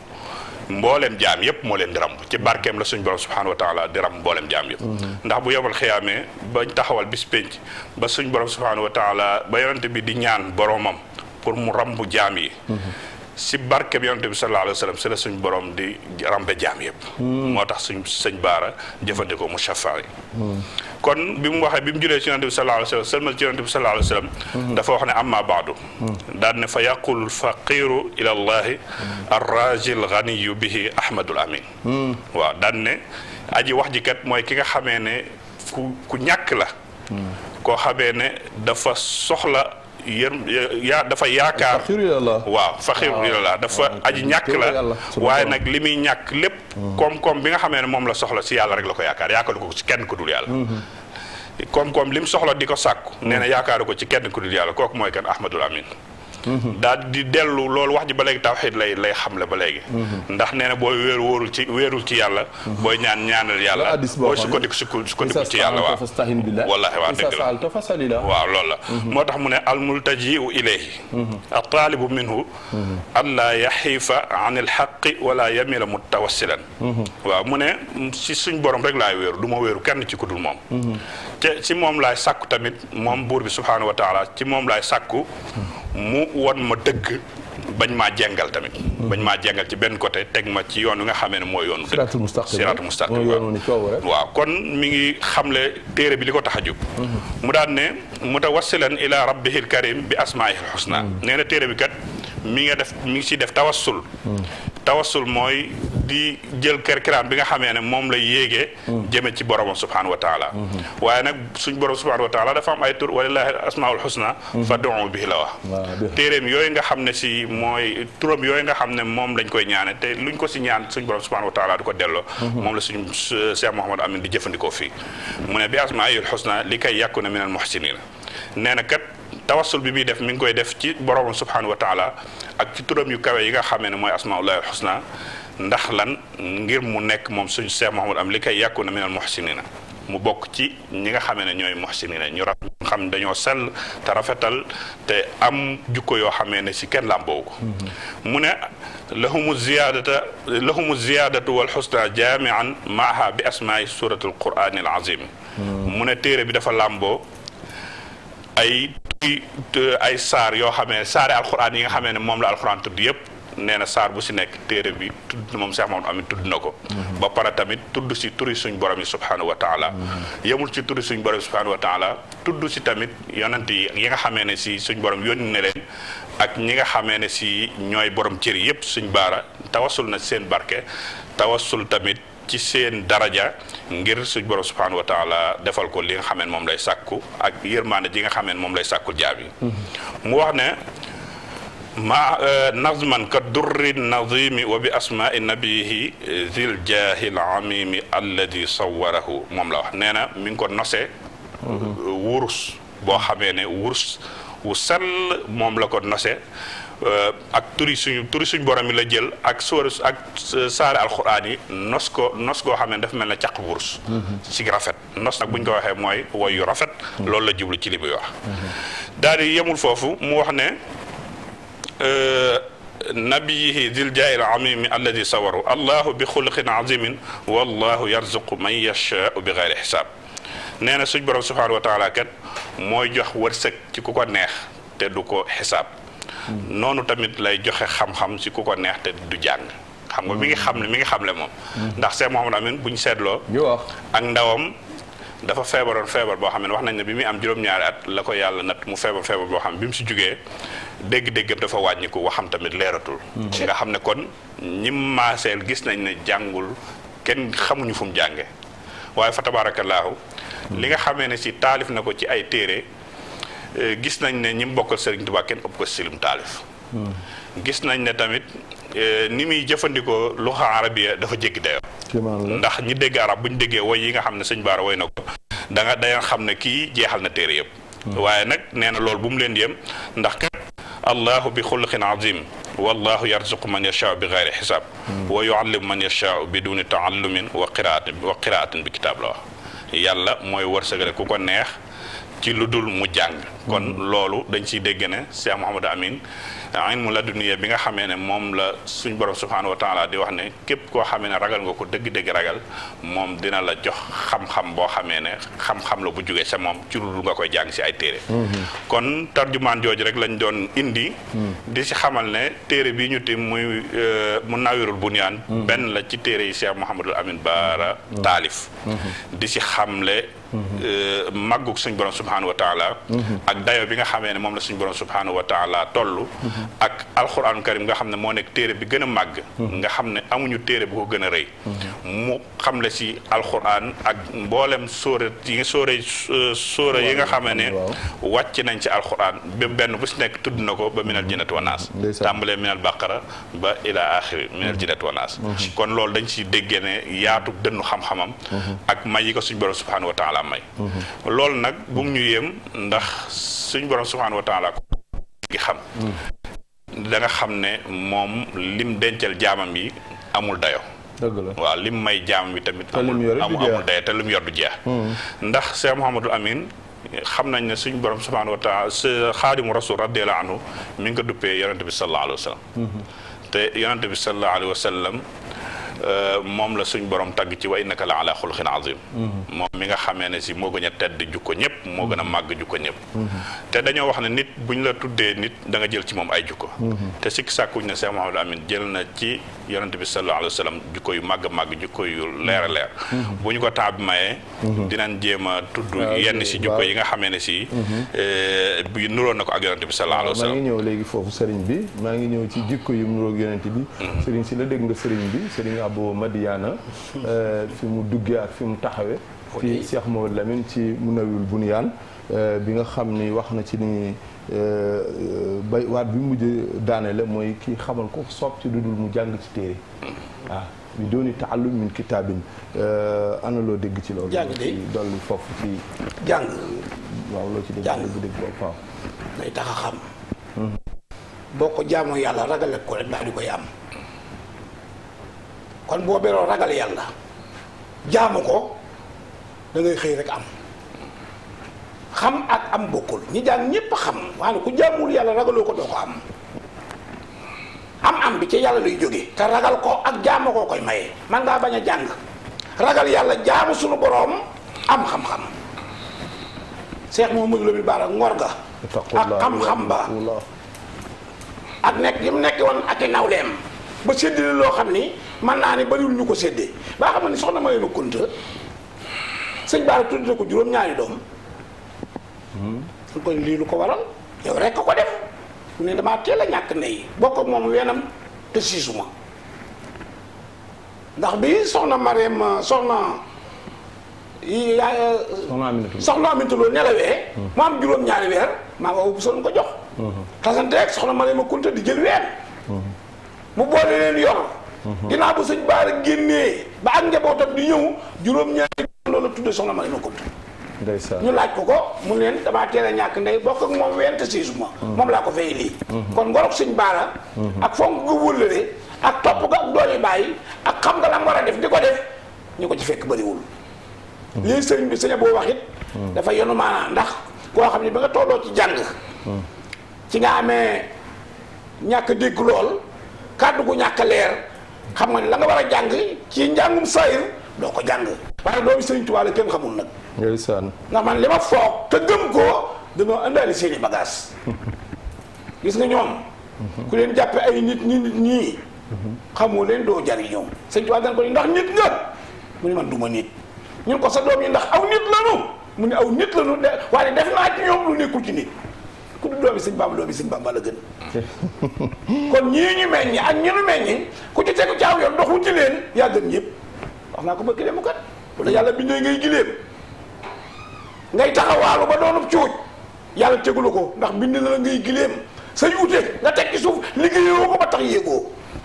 mboolem jaam yëpp moo leen di ramb ci barkeem la suñu borom subhanahu wa taala di ramb mboolem jaam yëpp ndax bu yebal xiyaamee bañ taxawal bis pénc ba suñ borom subhanahu wa taala ba yonent bi di ñaan boromam pour mu ramb jaam yi si barke bi yonent bi sallallahu si la suñ borom di rambe jaam yëpp moo tax suñ sëñ baara jëfandikoo mu shafaa yi kon bi mu waxee bi mu julee ci yonent bi sallallahu alayhi wa sallam sëlmal ci wa dafa wax ne amma baadu daan ne fa yaqulu faqiru ila allahi arraji lganiyu bihi ahmadul amin waaw daan aji wax ji kat mooy ki nga xamee ne ku ku ñàkk la koo xamee ne dafa soxla yër ya dafa yaakaar waaw faxir ilallah ah. dafa ah, aj ñàkk la waaye nag li muy ñàkk lépp hmm. koom-koom bi nga xamee ne moom la soxla si yàlla rek la ko yaakaar yaakaaru ko ci kenn ku dul yàlla hmm. koom-koom li mu soxla di ko sàkku nee na yaakaaru ko ci kenn ku dul yàlla kooku mooy kan Ahmadul Amin daal di dellu loolu wax ji ba léegi tawxiid lay lay xamle ba léegi ndax nee na booy wéer wóorul ci wéerul ci yàlla booy ñaan ñaanal yàlla booy sukkandiku sukkandiku ci yàlla waaw wallaahi waaw dëgg la waaw loolu la moo tax mu ne almultajiu ilayhi attaalibu minhu an laa yaxiifa an alxaqi wala yamila mutawassilan waaw mu ne si suñ borom rek laay wéeru du ma wéeru kenn ci kudul moom te ci moom laay sàkku tamit moom buur bi subhaanahu wa taala ci moom laay sàkku mu won ma dëgg bañ maa jengal tamit bañ maa jengal ci benn côté teg ma ci yoon wi nga xamee ne mooy yoonu dëgg siraatul mustaqim waaw kon mi ngi xamle téere bi li ko tax a jóg mm-hmm. mu daan ne mu mutawassilan ila rabbihil karim bi asmaihil husna mm. nee na téere bi kat mi nga def mi ngi si def tawassul mm. tawassul mooy di jël kerkiraan bi nga xamee ne moom la yéegee jëme ci boromam subhanahu wa taala waaye nag suñ borom subhanahu wa taala dafa am ay tur walillahi asmaul husna fad'u bihi la wax téeréem yooyu nga xam ne si mooy turam yooyu nga xam ne moom lañ koy ñaane te luñ ko si ñaan suñ borom subhanahu wa taala du ko delloo moom la suñ Cheikh Mouhamad Amin di jëfandikoo fii mu ne bi asmaul husna li kay yàkku na minal muhsinin nee na kat tawassul bi muy def mi ngi koy def ci boromam subhanahu wa taala ak ci turam yu kawe yi nga xamee ne mooy asmaullahi alxusna ndax lan ngir mu nekk moom suñu Cheikh Mouhamadou am li kay yàkku na minal muhsinina mu bokk ci ñi nga xamee ne ñooy muhsinina ñu raf xam dañoo sell te rafetal te am jukko yoo xamee ne si kenn làmboo ko mu ne lahumu ziyadata lahumu ziyadatu wal xusna jamian maaha bi asmaai suratul qur'ani al azim mu ne téere bi dafa làmboo ay ay sar yo xamé sar alcorane yi nga xamé mom la alcorane tudd yépp néna sar bu ci nek téré bi tudd mom Cheikh Mamadou Amin tudd nako ko mm-hmm. ba para tamit tudd mm-hmm. ci turi suñu borom yi subhanahu wa taala yamul ci turi suñu borom subhanahu wa taala tudd ci tamit yonent yi yi nga xamé ne ci suñu borom yónni na len ak ñi nga xamé ne ci ñoy borom ciir yépp suñu bara tawasul na seen barke tawasul tamit ci seen daraja ngir suñu borom subhanahu wa taala defal ko li nga xamne mom lay sàkku ak yermane ji nga xamne mom lay sàkku jaabi mu wax ne ma nazman ka durri nazimi wa bi asma'i nabihi zil jahil amim alladhi sawwarahu mom la wax neena mi ngi ko nose wurs bo xamé ne wurs wu sel mom la ko nose ak turi suñu turi suñu borom yi la jël ak sóor ak saare alxuraan yi nos ko nos goo xam ne dafa mel ne caq wurus ci rafet nos nag bu ñu ko waxee mooy woy yu rafet loolu la jublu ci li muy wax daal di yemul foofu mu wax ne نبيه ذي الجاه العميم الذي صوره الله بخلق عظيم والله يرزق من يشاء بغير حساب نانا سوج بروم سبحانه وتعالى كات موي جوخ ورسك تي كوكو نيه te du ko xisaab noonu tamit lay joxe xam-xam si ku ko neex te du jàng xam nga mi ngi xam ne mi ngi xam le moom ndax Cheikh Mouhamadou Amine bu ñu seetloo ak ndawam dafa feebaroon feebar boo xam ne wax nañ ne bi muy am juróom-ñaari at la ko yàlla nat mu feebar feebar boo xam ne bi mu si jógee dégg-déggam dafa wàññiku waxam tamit leeratul mm-hmm. nga xam ne kon ñi maaseel gis nañ ne jàngul kenn xamuñu fu mu jànge waaye fa tabaarakallaahu mm-hmm. li nga xamee ne si taalif na ko ci ay téere gis nañ ne ñim bokkal Serigne Touba kenn ëpp ko silim talif gis nañ ne tamit ni muy jëfandikoo luxa arabiya dafa jéggi dayo ndax ñi dégg arab buñ ñu déggee woy yi nga xam ne sëñ Baara woy na ko da nga dayan xam ne kii jeexal na téere yëpp waaye nag nee na loolu bu mu leen yem ndax kat allahu bi xuluqin azim والله يرزق من يشاء بغير حساب ويعلم من يشاء بدون تعلم وقراءة وقراءة بكتاب الله يلا موي qiraatin كوكو نيه ci lu dul mu jàng kon mm-hmm. loolu dañ ciy dégg ne Cheikh Mouhamadou mu la laduniya bi nga xamee ne moom la suñ borom subhaanahu wa taala di wax ne képp koo xamee ne ragal nga ko dëgg-dëgg ragal moom dina la jox xam-xam boo xamee ne xam-xam la bu jugee sa moom ci lu nga koy jàng si ay téere mm-hmm. kon tarjumaan jooju rek lañ doon indi mm-hmm. di si xamal ne téere bii ñu tim muy euh, mu nawirul bunyaan benn la ci téere yi Cheikh Mouhamadou Amine Baara taalif di si xamle màggug suñ borom subhanahu wa taala ak dayo bi nga xamé ni mom la suñ borom subhanahu wa taala tollu ak alquran karim nga xamné mo nek téré bi gëna mag nga xamné amuñu téré bu ko gëna a mu xam la ci alquran ak mboolem sóora yi sóora sóora yi nga xamé ni wàcc nañ ci alquran ba benn bu ci nek tudd nako ba minal wa nas tambale minal baqara ba ila akhir minal wa nas kon lool dañ ci déggé ne yaatu dënnu xam-xamam ak may yi ko suñ borom subhanahu wa taala laa may loolu nag bu mu ñu yéem ndax suñu borom subhaanahu wa taala ko gi xam da xam ne moom lim dencal jaamam yi amul dayo waaw lim may jaamam yi tamit amul amul dayo te lim yor du jeex hmm. ndax Cheikh Mouhamadul Amin xam nañ ne suñ borom subhaanahu wa taala xaadimu rasul radiyallahu anhu mi ngi ko duppee yonente bi sallallahu alayhi wa hmm. te yonente bi sallallahu alayhi wa Euh, mom la suñ borom tag ci way nakala ala khulqin azim mom mm-hmm. mi nga xamé ne si moga gëna tedd juko ñep mo gëna mag juko ñep mm-hmm. té dañu wax ne nit buñ la tuddé nit da nga jël ci mom ay juko mm-hmm. té sik sàkkuñ ne Cheikh mohammed amin jël na ci yaronte bi sallallahu alayhi wasallam juko yu mag mag juko yu leer leer ko tab mayee dinañ jema tuddu ah, yenn si juko yi nga xamé ne si euh, bi nuro nako ak yaronte bi sallallahu alayhi wasallam ah, ma ngi ñëw légui fofu sëriñ bi ma ngi ñëw ci juko yu yaronte bi sëriñ ci la dégg nga sëriñ bi sëriñ Abo Madiana euh, fi mu duggee ak fi mu taxawee ci Cheikh Mawal Lamine ci Munawul Bunyaan euh, bi nga xam ni wax na ci ni euh, bay waat bi mujj daane mooy kii xamal ko soob ci dudul mu jàng ci téere waaw ah, bi dooni taallum min kitaabin ana loo dégg ci loolu jàng de foofu ci jàng ci dégg bu dégg boobu waaw day tax xam hmm. boo ko jaamoo yàlla ragale ko rek daal di koy am kon bo bero ragal yalla jaamu ko da ngay xey rek am xam ak am bokul ñi jang ñepp xam waaye ku jamul yalla ragal ko do ko am am am bi ci yalla lay joge ta ragal ko ak jaamu koy maye man nga baña jang ragal yalla jamu suñu borom am xam-xam cheikh moom mujj la bi ngor ga ak xam-xam ba ak nek yim nek won ak i ba séddale loo xam ni man naa ne bariwul ñu ko séddee baa xam ne soxna ma leen a kunta sëñ Bara tuddee ko juróom-ñaari doom kon lii lu ko waral yow rek ko def mu ne damaa teel a ñàkk ndey bokk ak moom weenam te siisuma ndax bi soxna Marème soxna yaa soxna Aminata loolu nelawee mu am juróom-ñaari weer maa nga bu soon ko jox tasante soxna Marème a kunta di jël weer mu boole leen yor. Mhm. ginnaaw bu sëñ Baara génnee ba ak njabootam di ñëw juróom-ñaari loolu tudde soxna Marina Koumba. ñu laaj ko ko mu leen damaa teel ñàkk ndey bokk ak moom went siis ma mhm. moom laa ko fay lii mhm. kon ngorog sëñ Baara ak fonk nga wëllëre ak topp ko ak doole bàyyi ak xam nga lam war a def di ko def ñu ko ci fekk bëriwul lii sëñ bi sëñ boo wax it dafa yenu maanaa ndax koo xam ne ba nga tolloo ci jàng ci nga amee ñàkk dégg lool kàddu ku ñàkk leer xam nga la nga war a jàng ci njàngum sayir doo ko jàng waaye doomi sëñ Tuubaa la kenn xamul nag ndeysaan ndax man li ma foog te gëm ko dañoo àndaale seeni bagage gis nga ñoom ku leen jàppe ay nit ñi nit ñii xamoo leen doo jariñoo sëñ Tuubaa dan ko ni ndax nit nga mu ne man duma nit ñun ko sa doom yi ndax aw nit lanu mu ne aw nit lanu waaye def naa ci ñoom lu nekkul ci nit ku du doomi baam Bamba doomi sëñ Bamba la gën kon ñii ñu meññi ak ñu nu meññi ku ci tegu ci aw yoon doxu ci leen yaa gën ñëpp naa ko ba kileemu kat bu yàlla bindee ngay gileem ngay taxawaalu ba doonub cuuj yàlla tegulu ko ndax bind la ngay gileem say ute nga teg ci suuf liggéeyoo ko tax yéegoo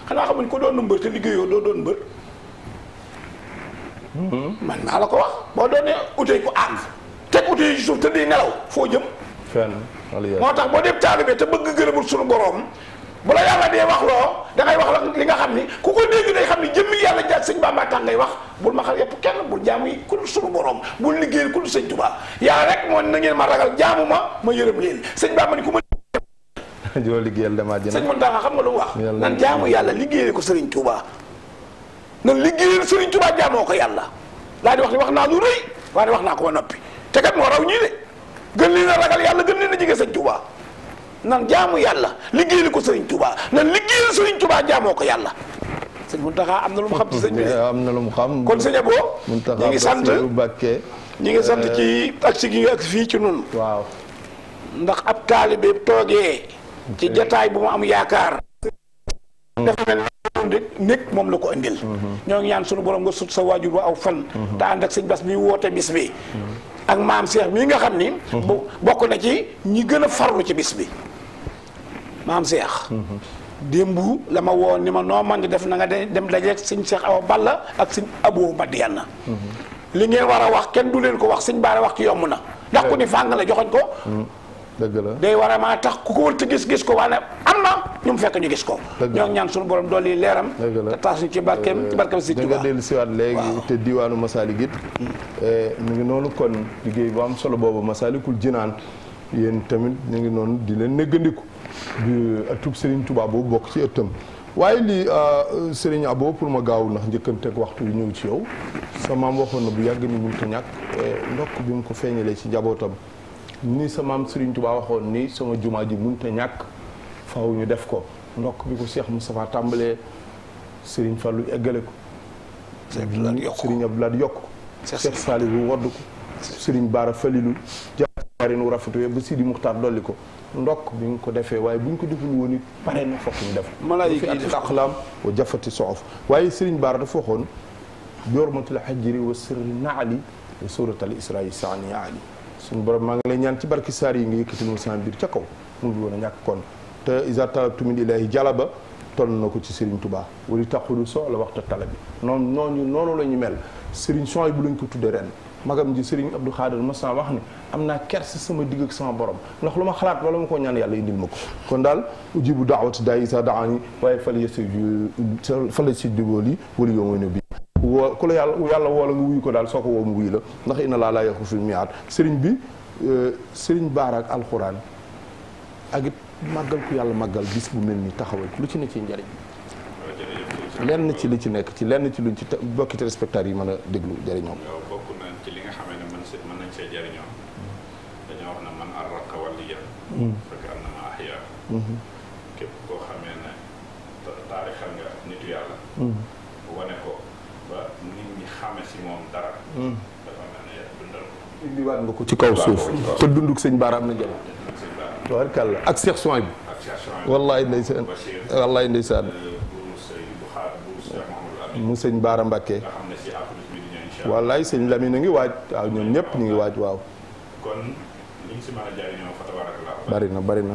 xanaa xamuñ ko doon mbër te liggéeyoo doo doon mbër man maa la ko wax boo doonee ute ko àgg teg ute yi ci suuf te di nelaw foo jëm moo tax boo dem taalibe te bëgg ngërëmul sunu borom bu la yàlla dee wax loo da ngay wax li nga xam ni ku ko dégg day xam ni jëmmi yàlla jaaj sëñ Bamba tax ngay wax bul ma xal yëpp kenn bul jaamu yi ku dul sunu borom bul liggéeyal ku dul sëñ Tuubaa yaa rek moo na ngeen ma ragal jaamu ma ma yërëm leen sëñ Bamba ni ku ma joo liggéeyal damaa jënd sëñ Muntaxa xam nga lu wax nan jaamu yàlla liggéeyal ko sëriñ Tuubaa nan liggéeyal sëriñ Tuubaa jaamoo ko yàlla daa di wax ni wax naa lu rëy waaye wax naa ko ba noppi te kat moo raw ñii de gën leen na ragal yàlla gën leen a jege sëñ Touba nan jaamu yàlla liggéeyal ko sa sëriñ Touba nan liggéeyal sëriñ Touba jaamoo ko yàlla. sëñ Mountakha am na lu mu xam ci sëñ bi am na lu mu xam kon sëñ Abo ñu ngi sant ñi ngi sant ci agsi gi nga agsi fii ci nun waaw ndax ab taalibe toogee ci jataay bu mu am yaakaar mm. doon rek moom la ko indil ñoo ngi ñaan sunu borom nga sut sa waajur wa aw fan te ànd ak sëñ bas mi woote bis bi ak maam Cheikh mii nga xam ni bokk na ci ñi gën a farlu ci bis bi maam Cheikh démb la ma woo ni ma noo man di def na nga dem dajeeg sëñ Cheikh aw Balla ak sëñ Abo Madiana li ngeen war a wax kenn du leen ko wax sëñ Baara wax ci yomb na ndax ku ni fàng la joxoñ ko dëgg la day war a maa tax ku ko wërta gis gis ko wala am na ñu mu fekk ñu gis ko ñoo ñaan suñu borom dool yi leeram te taas ñu ci barkeem ci barkeem si Tuubaa nga dellu siwaat léegi te diiwaanu Masalik it mu eh, ngi noonu kon bu am solo boobu Masalikul Jinaan yéen tamit ñu ngi noonu di leen néggandiku di ëttub eh, Serigne bokk ci ëttam waaye lii eh, Serigne Abo pour ma gaaw ndax njëkkanteeg waxtu yu ñëw ci yow sa maam waxoon na bu yàgg ni mënut a ñàkk ndokk bi mu ko feeñalee ci njabootam ni sa maam Serigne Touba waxoon ni sama jumaa ji mënut te ñàkk faw ñu def ko ndokk bi ko Cheikh Moustapha tàmbalee sëriñ fa lu eggale ko. Serigne Abdou Lahad yokk Cheikh Saliou wodd ko Serigne Bara Falilou jaarin wu rafetewee ba Sidi Muxtaar dolli ko ndokk bi nga ko defee waaye bu ñu ko deful woon it pare na fokk ñu def malaayika yi aqlaam wa jafati soxof waaye Serigne Bara dafa waxoon jormatul xajiri wa sirri naali wa suratal israa saani ali suñ borom maa ngi lay ñaan ci barki saar yi nga yëkkatinul sama biir ca kaw mënul woon a ñàkk kon te isa talabtu min ilaahi jalaba toll na ko ci Serigne Touba wali taqulu so la waxta tala bi noonu noonu noonu la ñu mel Serigne son yi bu lañ ko tudde ren magam ji Serigne Abdou ma saa wax ni am naa kersa sama digg ak sama borom ndax lu ma xalaat wala ma ko ñaan yàlla indil ma ko kon daal ujibu daawati daay isa daani waaye fala yasi fala si dibóol yi wali yow mooy bi woo ku la yàlla yàlla woo la nga wuyu ko daal soo ko woo mu wuyu la ndax inna laa laa yaxliful mii'aad sëriñ bi euh, sëriñ baara alxuraan ak it màggal ku yàlla màggal bis bu mel ni taxawal lu ci ne ci njëriñ. lenn ci lu ci nekk ci lenn ci luñ ci bokki téléspectateurs yi mën a déglu jëriñoo. ma ahya. képp indiwaat nga ko ci kaw suuf te dunduk sëñ baaraam na jël tabarkàlla ak Cheikh Souaïb bi wallaay ndeysaan wallaay ndeysaan euh, mu sëñ baara Mbàkke wallaay sëñ Lamine a ngi waaj waaw ñoom ñëpp ñu ngi waaj waaw kon li ñu na bari na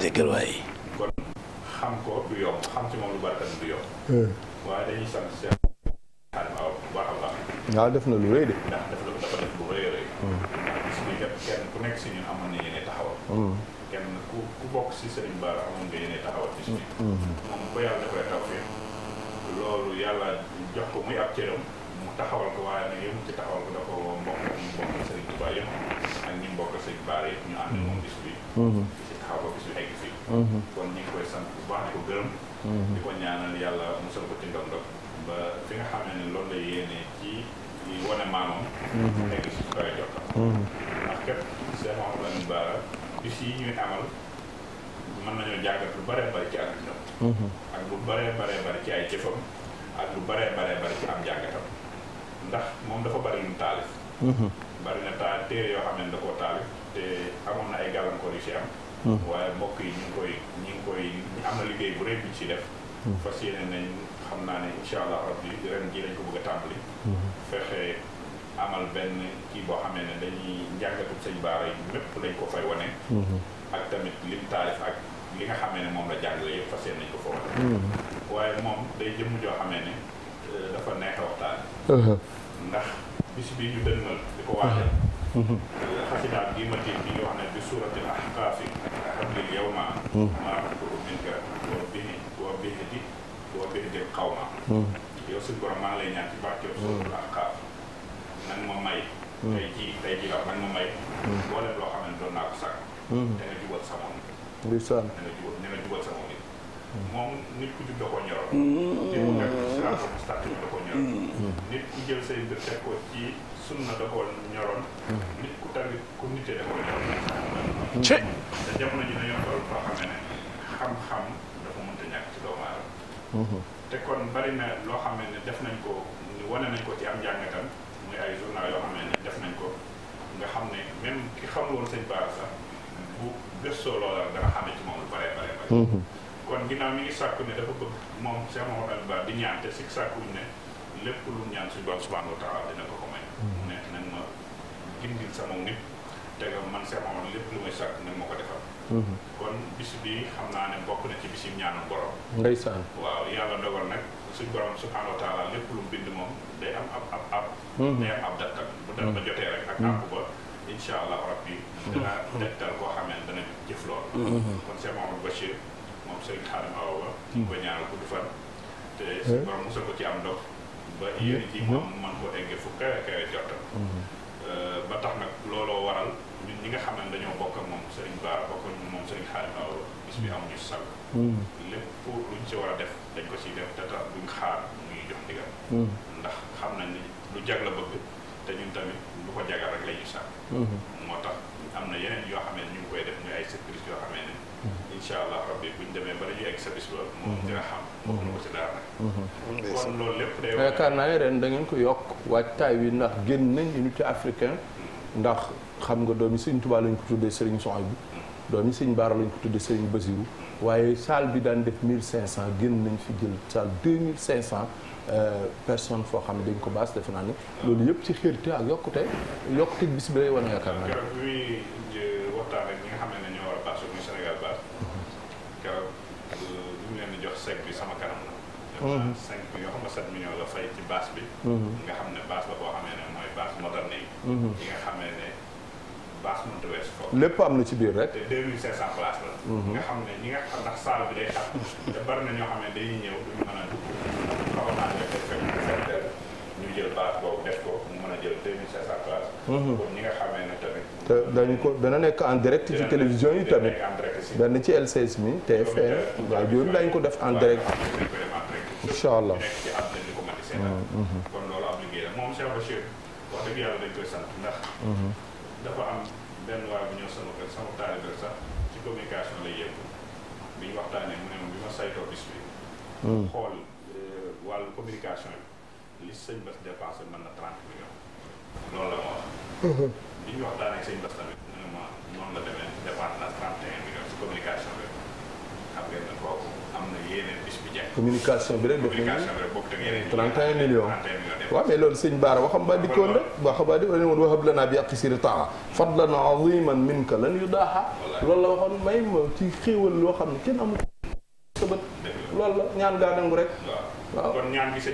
jéggal waay kon xam ko du yomb xam ci moom lu barkat du yomb waaye dañuy sant seen xaalim aw bu baax a baax waaw def na lu rëy de ndax def na dafa def bu rëy rëy gis ni kat kenn ku nekk si ñun amoon na yéene taxawal kenn ku ku bokk si sëriñ baara amoon nga yéene taxawal ci suñu moom ko yàlla dafay taw fi loolu yàlla jox ko muy ab cëram mu taxawal ko waaye nag ci taxawal ko dafa mbokk mbokk sëriñ Tuubaa yëpp ak ñu mbokk sëriñ baara yëpp ñu ànd moom bis bi Mm-hmm. kon ñu ngi koy sant bu baax di ko gërëm. Mm-hmm. di ko ñaanal yàlla musal ko ci ndam ndam ba fi nga xam ne loolu lay yéene ci yi wane maamam. Mm-hmm. nekk si suñu doy jokkal. ndax képp Cheikh Mouhamadou Lamine lu bare bari ci ak ñoom. ak lu bare bare ay jëfam lu bare bare bari ci am jàngatam ndax moom dafa bari taalif. bari na taal yoo xam ne da koo taalif te amoon na ay gàllankoor yu si am. waaye mbokk yi ñu ngi koy ñu ngi koy am na liggéey bu rëy bu ñu ci def. Hmm. fas yéene nañ xam naa ne incha allah rabbi ren jii lañ ko bëgg a hmm. fexe amal benn kii boo xamee ne dañuy njàngatu sëñ baara yi mépp lañ ko fay wane. Hmm. ak tamit lim taalif ak li nga xamee ne moom la jàngale yëpp fas yéene nañ ko fa wane. waaye moom day jëmm joo xamee ne euh, dafa neex a waxtaan. Uh-huh. ndax bis bi ñu dëngal di ko waajal. Uh-huh. Euh, xasidaat bii ma tiim bi ñu wax ne bi suuratil اليوم أعرفه منك وبه وبه دي وبه دي القوم yow suñ borom maa lay ñaan ci barke yow suñ borom alkaaf nang ma may tey ji tey ji la nang ma may boole loo xam ne doon naa ko sàkk da nga jubal sama nit ndeysaan da nga jubal da nga jubal sama nit moom nit ku jub da koo ñoroon nit ku nekk siraatu mustaqim da koo ñoroon nit ku jël say mbir ko ci sunna nit tamit communauté dafa koy def. ci te jamono ji dañoo toll xam ne xam-xam dafa mënta ñàkk ci doomu aadama. Mhm. te kon bari na loo xam ne def nañ ko wane nañ ko ci am njàngatan ay journal def nañ ko nga xam ne même ki xamul woon sëñ Bara sax bu gëstoo loola dana xamee ci moom lu bare bare bare. Mhm. kon ginnaaw mi ngi sàkku ne dafa bëgg moom Cheikh Mouhamadou Ba di ñaan te si sàkkuñ ne lépp lu ñaan suñu borom subhanahu wa dina ko ko may. Mhm. mu ne nañ ma. dindil sama nit te nga man Cheikh lépp lu may sàkk nag moo ko defal mhm. kon bis bi xam naa ne bokk na ci bisim ñaanu borom ndeysaan waaw yàlla dogal am ab ab ko ñaanal gudd fan te eh? ko ci am ndox ba mhm. yéen ji moom mën ko eggee fu kawe kawe jottal mhm. Euh, ba tax nag looloo waral ñi nga xam ne dañoo bokk ak moom Serigne Bara bokk ak moom Serigne Xaadim Awa bis bi amuñu sal hmm. lépp pour luñ ci war a def dañ ko si def te tax duñ xaar muy jox ndigal hmm. ndax xam na ni lu jag la bëgg te ñun tamit lu ko jagal rek la ñuy kon loolu lépp day yaakaar naa ne ren da ngeen ko yokk waajtaay wi ndax génn nañ unité africain ndax xam nga doom doomi Sëriñ Tuubaa lañ ko tuddee Sëriñ Sohaybu doomi Sëriñ Baara lañ ko tuddee Sëriñ Basiru waaye salle bi daan def mille cinq cent génn nañ fi jël salle 2500 euh, personnes foo xam ne dañ ko baas defe naa ni loolu yëpp ci xérité ak yokkute yokkute bis bi lay wane yaakaar naa ne. wala cinq yoo bi mhm. nga mhm. lépp am na ci biir rek te deux mille cinq cent places mhm. nga xam ne ñi nga xam ndax salle bi day te bari xam ko te dañu ko dana nekk en direct ci télévision yi tamit dana ci LCS mi TFM waaw yooyu dañ ko def en direct incha allah nekk ci a seetaan mm-hmm. kon loolu am liggéey la sant ndax mm-hmm. dafa am benn waay bu ñëw sama kër sama taalibe sax ci communication lay yëngu bi ñu waxtaanee mu ne moom bi ma saytoo bis bi mm. xool euh, wàllu communication yi li sëñ Bass dépensé mën na trente millions loolu la ma wax mm-hmm. bi ñu waxtaanee ak sëñ Bass tamit mu demee dépensé na trente et ci communication bi xam ngeen ne kooku am na yéeneen communication bi rek def nañu 31 millions waaw mais a sëñ Baara waxam ba dikkoon rek waxa ba dikkoon woon wahab lanaa bi aqsiri taa fadlan aziman minka la waxoon may loo xam ne kenn amul la ñaan gaa nangu rek waaw kon ñaan gi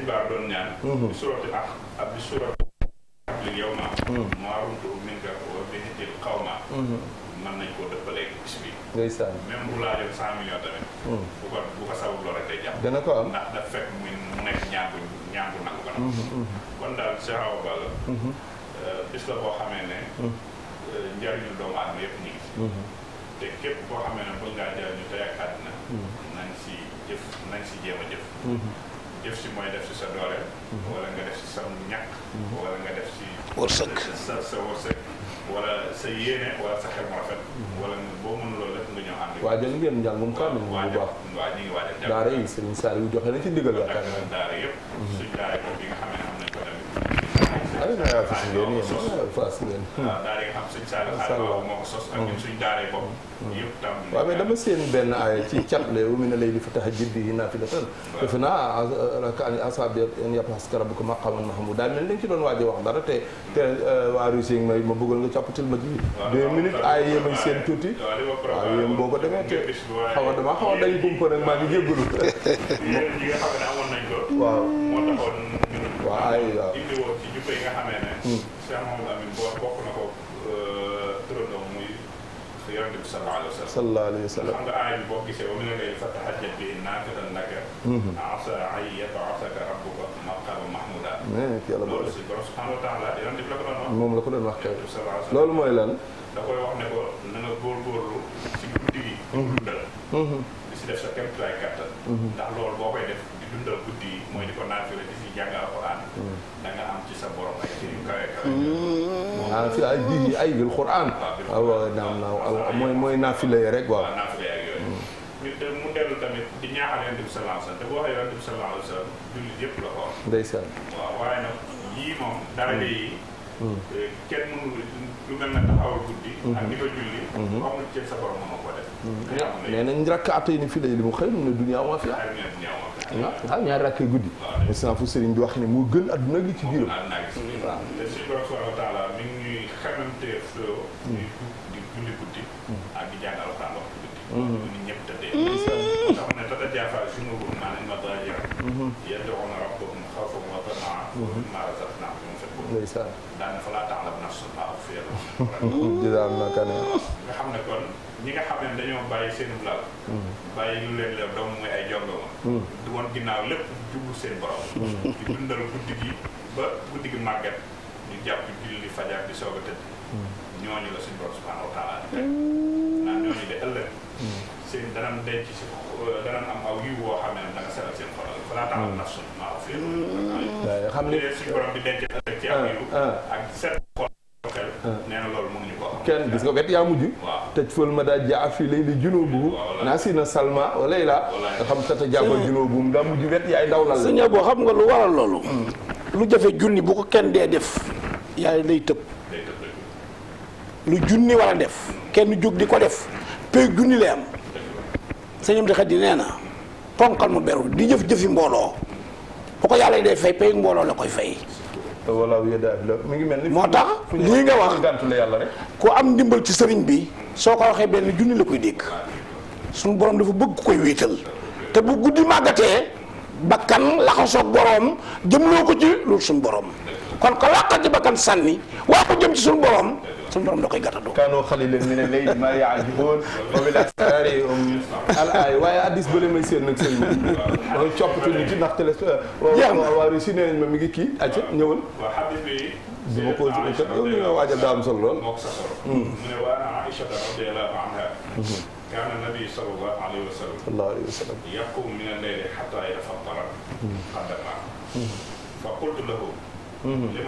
ndeysaan même bu laajoon cent millions tamit. Hmm. bu ko bu ko sabab loo rek day jàpp. dana am ndax si jëf hmm, hmm. sa doole. wala sa yéene wala sa xel mu rafet. wala boo mënuloo. waajal ngeen njàngum kaamil bu baax daara yi Serigne Saliou joxe na ci ndigal yaakaar naa waaw waaw faas ngeen daal di nga xam suñu saal xaal moo ko dama seen benn aaya ci catle wu mi ne lay di fa tax a jib bi naafilatan defe naa ka an asaabi an yab'aska rabbuka maqaaman mahmuud daal mel ni ci doon waaj wax dara te te waa Russie ma ma bëggoon nga càppatil ma ji deux minutes aaya yéem añ seen tuuti waaw yéen boo ko demee te xaw a dama xaw a day gumpa nag maa ngi jéggalu waaw ay waaw indi woon ci jikko yi nga xamee ne. Hmm. Cheikh Mouhamadou Amine boo bokk na ko euh, turandoo muy yonent bi sallallahu alayhi wa sallam. sallallahu alayhi wa sallam xam nga aay bi boo gisee ba mu ne ngay fatahajjat bi naafilatan laka. Hmm. asa an yab'asaka rabbuka maqaama mahmuuda. loolu si borom subhaanahu wa taala yonent bi la ko doon wax. moom la ko doon wax kay loolu mooy lan. da koy wax ne ko na nga góorgóorlu ci guddi gi. dundal. Hmm. di si def sa kéemtulaay kàttan. ndax loolu boo koy def. dundal guddi yi mooy di ko naafila di si jàng alquran mm. da nga am ci sa borom ay cër yu kawe kawe mm. ah fi ay bii ay bil quran ah, waaw naam naaw ah, mooy mooy naafila yi rek waaw ah, naafila ak yooyu mm. ñu de mu dellu tamit di ñaaxal yonent bi sallallahu alayhi wasallam te boo waxee yonent bi sallallahu alayhi wasallam jullit yëpp la ko wax ndeysaan waaw waaye nag yii moom daraja yi kenn mënul lu mel na taxawal guddi mm-hmm. ak ni ko julli mm-hmm. amul ci sa borom moo ko def mm-hmm. nee nañ rakk atay ni fi lay li mu xëy mu ne dunya wa fi ah ñaari rakk yu guddi. waaw instant fu sëriñ bi wax ne moo gën adduna ci biiram. waaw te si borom subhanahu wa taala mi ngi ñuy xamante di julli guddi. ak di jàng alxuraan wax guddi. bu nit ñëpp tëddee. ndax ne tata jaafa junubuhum an al-madaaji' daanaka laa tax la bu nafsu laa ak fiya jidaan na kan nga xam ne kon ñi nga xam ne dañoo bàyyi seen lal bàyyi lu leen lew doom muy ay jongama hmm. du woon ginnaaw lépp jublu seen borom hmm. di dundal guddi gi ba guddi gi màggat ñu jàpp julli fajar di soog a tëdd hmm. ñooñu la suñu borom subhanahu wa taala di teg naa ñooñu de ëllëg seen danan denc si danan am aw yiw woo xam di denc ci ah, ah. ak set xel ah. na loolu mënuñu ko am kenn gis nga wet yaa mujj tëj fël ma daal jaa fii lay li junóobu naa si na salma walay la nga xam tata jàba junóobu daa mujj wet yaay ndaw la sëñ boo xam nga lu waral loolu lu jafe junni bu ko kenn dee def yàlla day tëb lu junni war a def kenn jóg di ko def pay junni la am sëñ am di xat yi nee na ponkal mu beru di jëf-jëfi mbooloo bu ko yàlla day fay pay mbooloo la koy fay wala mi ngi mel ni moo tax lii nga wax ku am ndimbal ci sëriñ bi soo ko waxee benn junni la koy dégg suñu borom dafa bëgg koy wéetal te bu guddi màggatee bakkan laxasoog jëm loo ko ci lu suñu borom kon ko làqal ci bakkan sànni waa ko jëm ci suñu borom سون بروم دوكاي غاتادو كانو خالي لين ما يعجبون وبلا ام الاي واي اديس بولي ماي سير نك سيرني واه تشوبتو ني جي نافتل وا ما ميغي من وانا عائشه رضي الله عنها الليل حتى اذا فطر قدما فقلت له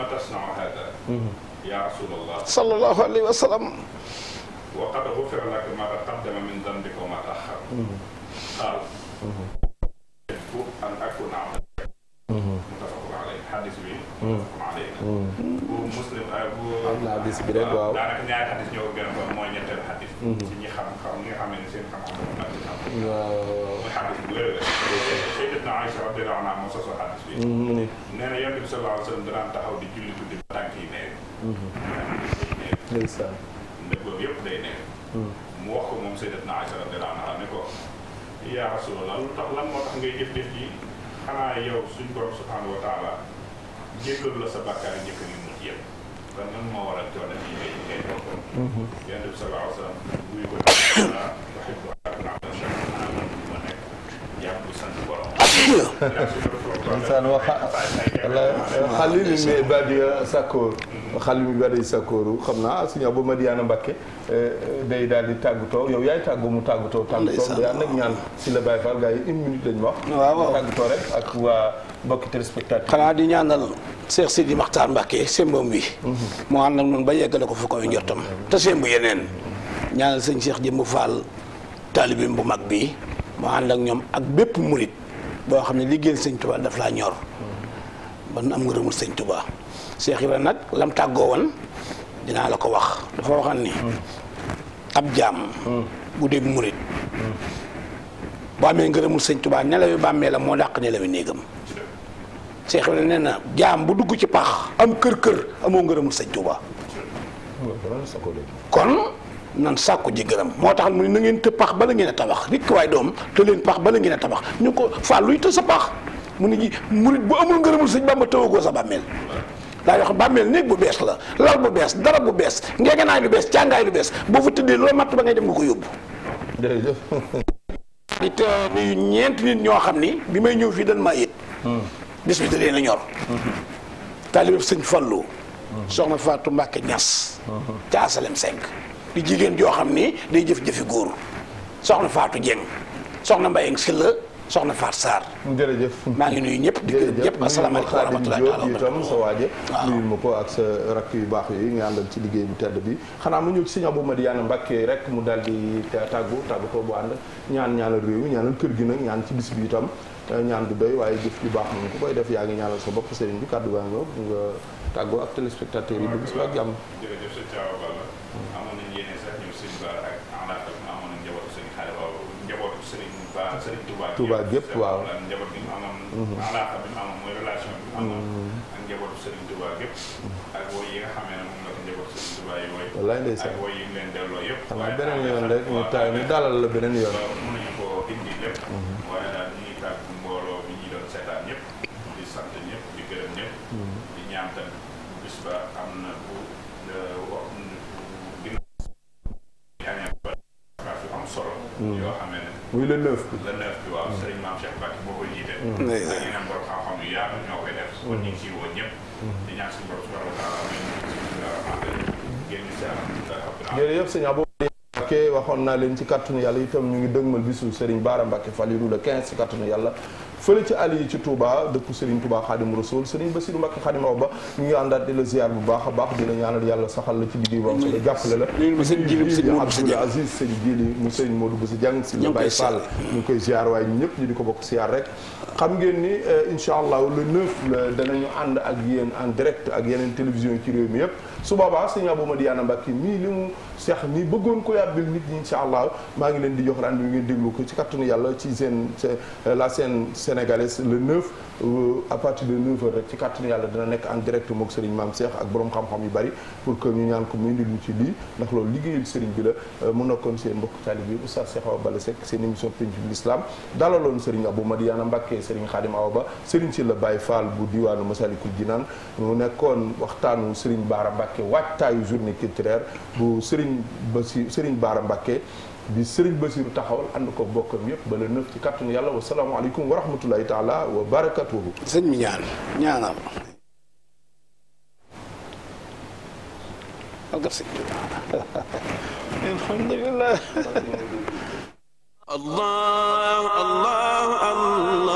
yaa rasulallah sallallahu alayhi wa sallam wa qad ghufira laka ma taqaddama min dhanbika wa ma ta'akhkhara mhm. qaal bu mhm. an akuna abdan mhm. muttafaqun alayhi xadis bi muttafaqun alayhi bu muslim eh, bu am na xadis bi rek waaw daanaka ñaari xadis ñoo ko gën a bon mooy ñetteelu xadis ci ñi xam xam ñi nga xam ne seen xam-xam waaw xadis bu wér Sayyidatuna Aïcha radiyallahu anha moo sosoo xadis bi nee na yonent bi sallallahu alayhi wa sallam daan taxaw di julli guddi ba tànk yi neex Mm-hmm. ndeysaan ndëg boobu yëpp day nekk mm. mu wax ko moom sayyidatna Aïcha radiyallahu anha ne ko yaa rasulallah lu tax lan moo tax ngay jëf jëf yi xanaa yow suñ borom subhanahu wa taala jéggal la sa bàkkaar njëkk ni mu yëpp kon nan moo waral coono yi ngay ngay toog mm-hmm. yonent bi sallallahu alayhi wa sallam buy ko waxee ko ak ma nekk jàpp sant borom insan halimi mi badiya sakkoor halimi badiya sakkooru xam naa suñu abu madiana mbakke eh, day daal di tàggatoo yow yaay tàggu mu tàggatoo tàggatoo bu yaa nag ñaan si la Baye Fall gars yi une minute lañ wax waaw tàggatoo rek ak waa ah, mbokki téléspectateur xanaa di ñaanal Cheikh Sidi Makhtar Mbakke sembam bi moo mhm. ànd ak noonu ba yeggale ko fu koy njortam te sembu yeneen ya, ñaanal sëñ Cheikh Jëmb Fall talibim bu mag bi moo ànd ak ñoom ak bépp murit boo xam ne liggéey sëñ Touba daf laa ñor ba am ngërëmul sëñ Touba Cheikh Ibrahima nag lam tàggoo woon dinaa la ko wax dafa waxan ni ab jaam bu dee murit boo amee ngërëmul sëñ Touba nelawi la moo dàq nelawi néegam Cheikh Ibrahima nee na jaam bu dugg ci pax am kër kër amoo ngërëmul sëñ Touba kon nan sàkku ji gërëm moo tax mu ne na ngeen të pax bala ngeen a tabax rikk waaye doom te leen pax bala ngeen a tabax ñu ko faa luy te sa pax mu ne ji murit bu amul ngërëmul sëñ Bàmba tëwagoo sa bàmmeel daa wax bàmmeel néeg bu bees la lal bu bees dara bu bees ngeeganaay lu bees càngaay lu bees boo fa tëddee loo matt ba ngay dem nga ko yóbbu jërëjëf it nuyu ñeenti nit ñoo xam ni bi may ñëw fii dañ maa yëg hmm. bis bi da leen a ñor hmm. taalibab sëñ Fallou hmm. soxna Fatou Mbacke Niass ca asalem 5 di jigen jo xamni day jëf jëfi góor soxna Fatou jeng soxna mbaye ngi Sylla soxna fat sar jërëjëf maa ngi nuyu ñep di gërëm ñep assalamu alaykum wa rahmatullahi wa barakatuh itam sa waje nuyu mako ak sa rak yu bax yi nga andal ci liggéey bu tedd bi xana mu ñu ci Serigne Abou yalla Mbacké rek mu daal di tàggu tàggu ko bu and ñaan ñaanal rew mi ñaanal kër gi nak ñaan ci bis bi itam eh, ñaan du doy waye jëf yu bax moom ku koy def yaa ngi ñaanal sa bopp Serigne bi kaddu ba nga nga ak téléspectateurs yi bu bis ba ak jàmm jërëjëf Touba gépp waaw njaboot yi nga xamee ne moom la ko wallaay ndeysaan ak woy beneen yoon rek ñu taay ñu dalal la beneen yoon muy le neuf bi. le neuf bi waaw mm. sëriñ maam Cheikh Mbacke boo koy jiite. Mm. ak yeneen borom xam-xam yu yaatu ñoo koy def. kon mm. ñu ngi ciy woo ñëpp. di ñaan suñu borom subhanahu wa taala. jërëjëf sëñ Abou Mbacke waxoon naa leen ci kàttanu yàlla itam ñu ngi dëgmal bisu Serigne Bara Mbacke Falilou le 15 ci kàttanu yàlla fële ci àll yi ci Touba dëkku Serigne Touba Khadim Rasoul Ba ñu ngi àndaat di la ziar bu baax a baax di la ñaanal yàlla saxal la ci liggéey boobu sala jàppale la Abdoul Aziz Serigne Djili mu Serigne Modou Boussa Dieng si la Baye Fall ñu koy ziar waaye ñu ñu di ko bokk ziar rek xam ngeen ni euh, incha allah le 9 la ñu ànd ak yéen en direct ak yeneen télévision yi ci réew mi yëpp su boobaa sëñ Abou Madiana Mbacke mii li mu seex nii bëggoon ko yàbbil nit ñi incha allah maa ngi leen di jox rendez-vous ngeen déglu ko ci kattanu yàlla ci seen euh, la scène sénégalaise le 9 euh, à partir de 9 heures rek ci kattanu yàlla dina nekk en direct moog Serigne Maam Seex ak borom xam-xam yu bari pour que ñu ñaan ko mu indil ñu ci lii ndax loolu liggéeyul Serigne bi la mu nekkoon mbokk taalib bi Oustaz Cheikh Awa Balla Seck seen émission Pencum l'Islam dalaloon Serigne سرين خادم أوبا سرين سيل بايفال بوديوان مسالي كل دينان ونكون وقتان سرين بارمبكة وقتا يزور نكترير بو سرين بسي سرين بارمبكة بي سرين بسي رتحول أنك بوكم يب بل نفت يلا والسلام عليكم ورحمة الله تعالى وبركاته سن ميان الحمد لله الله الله الله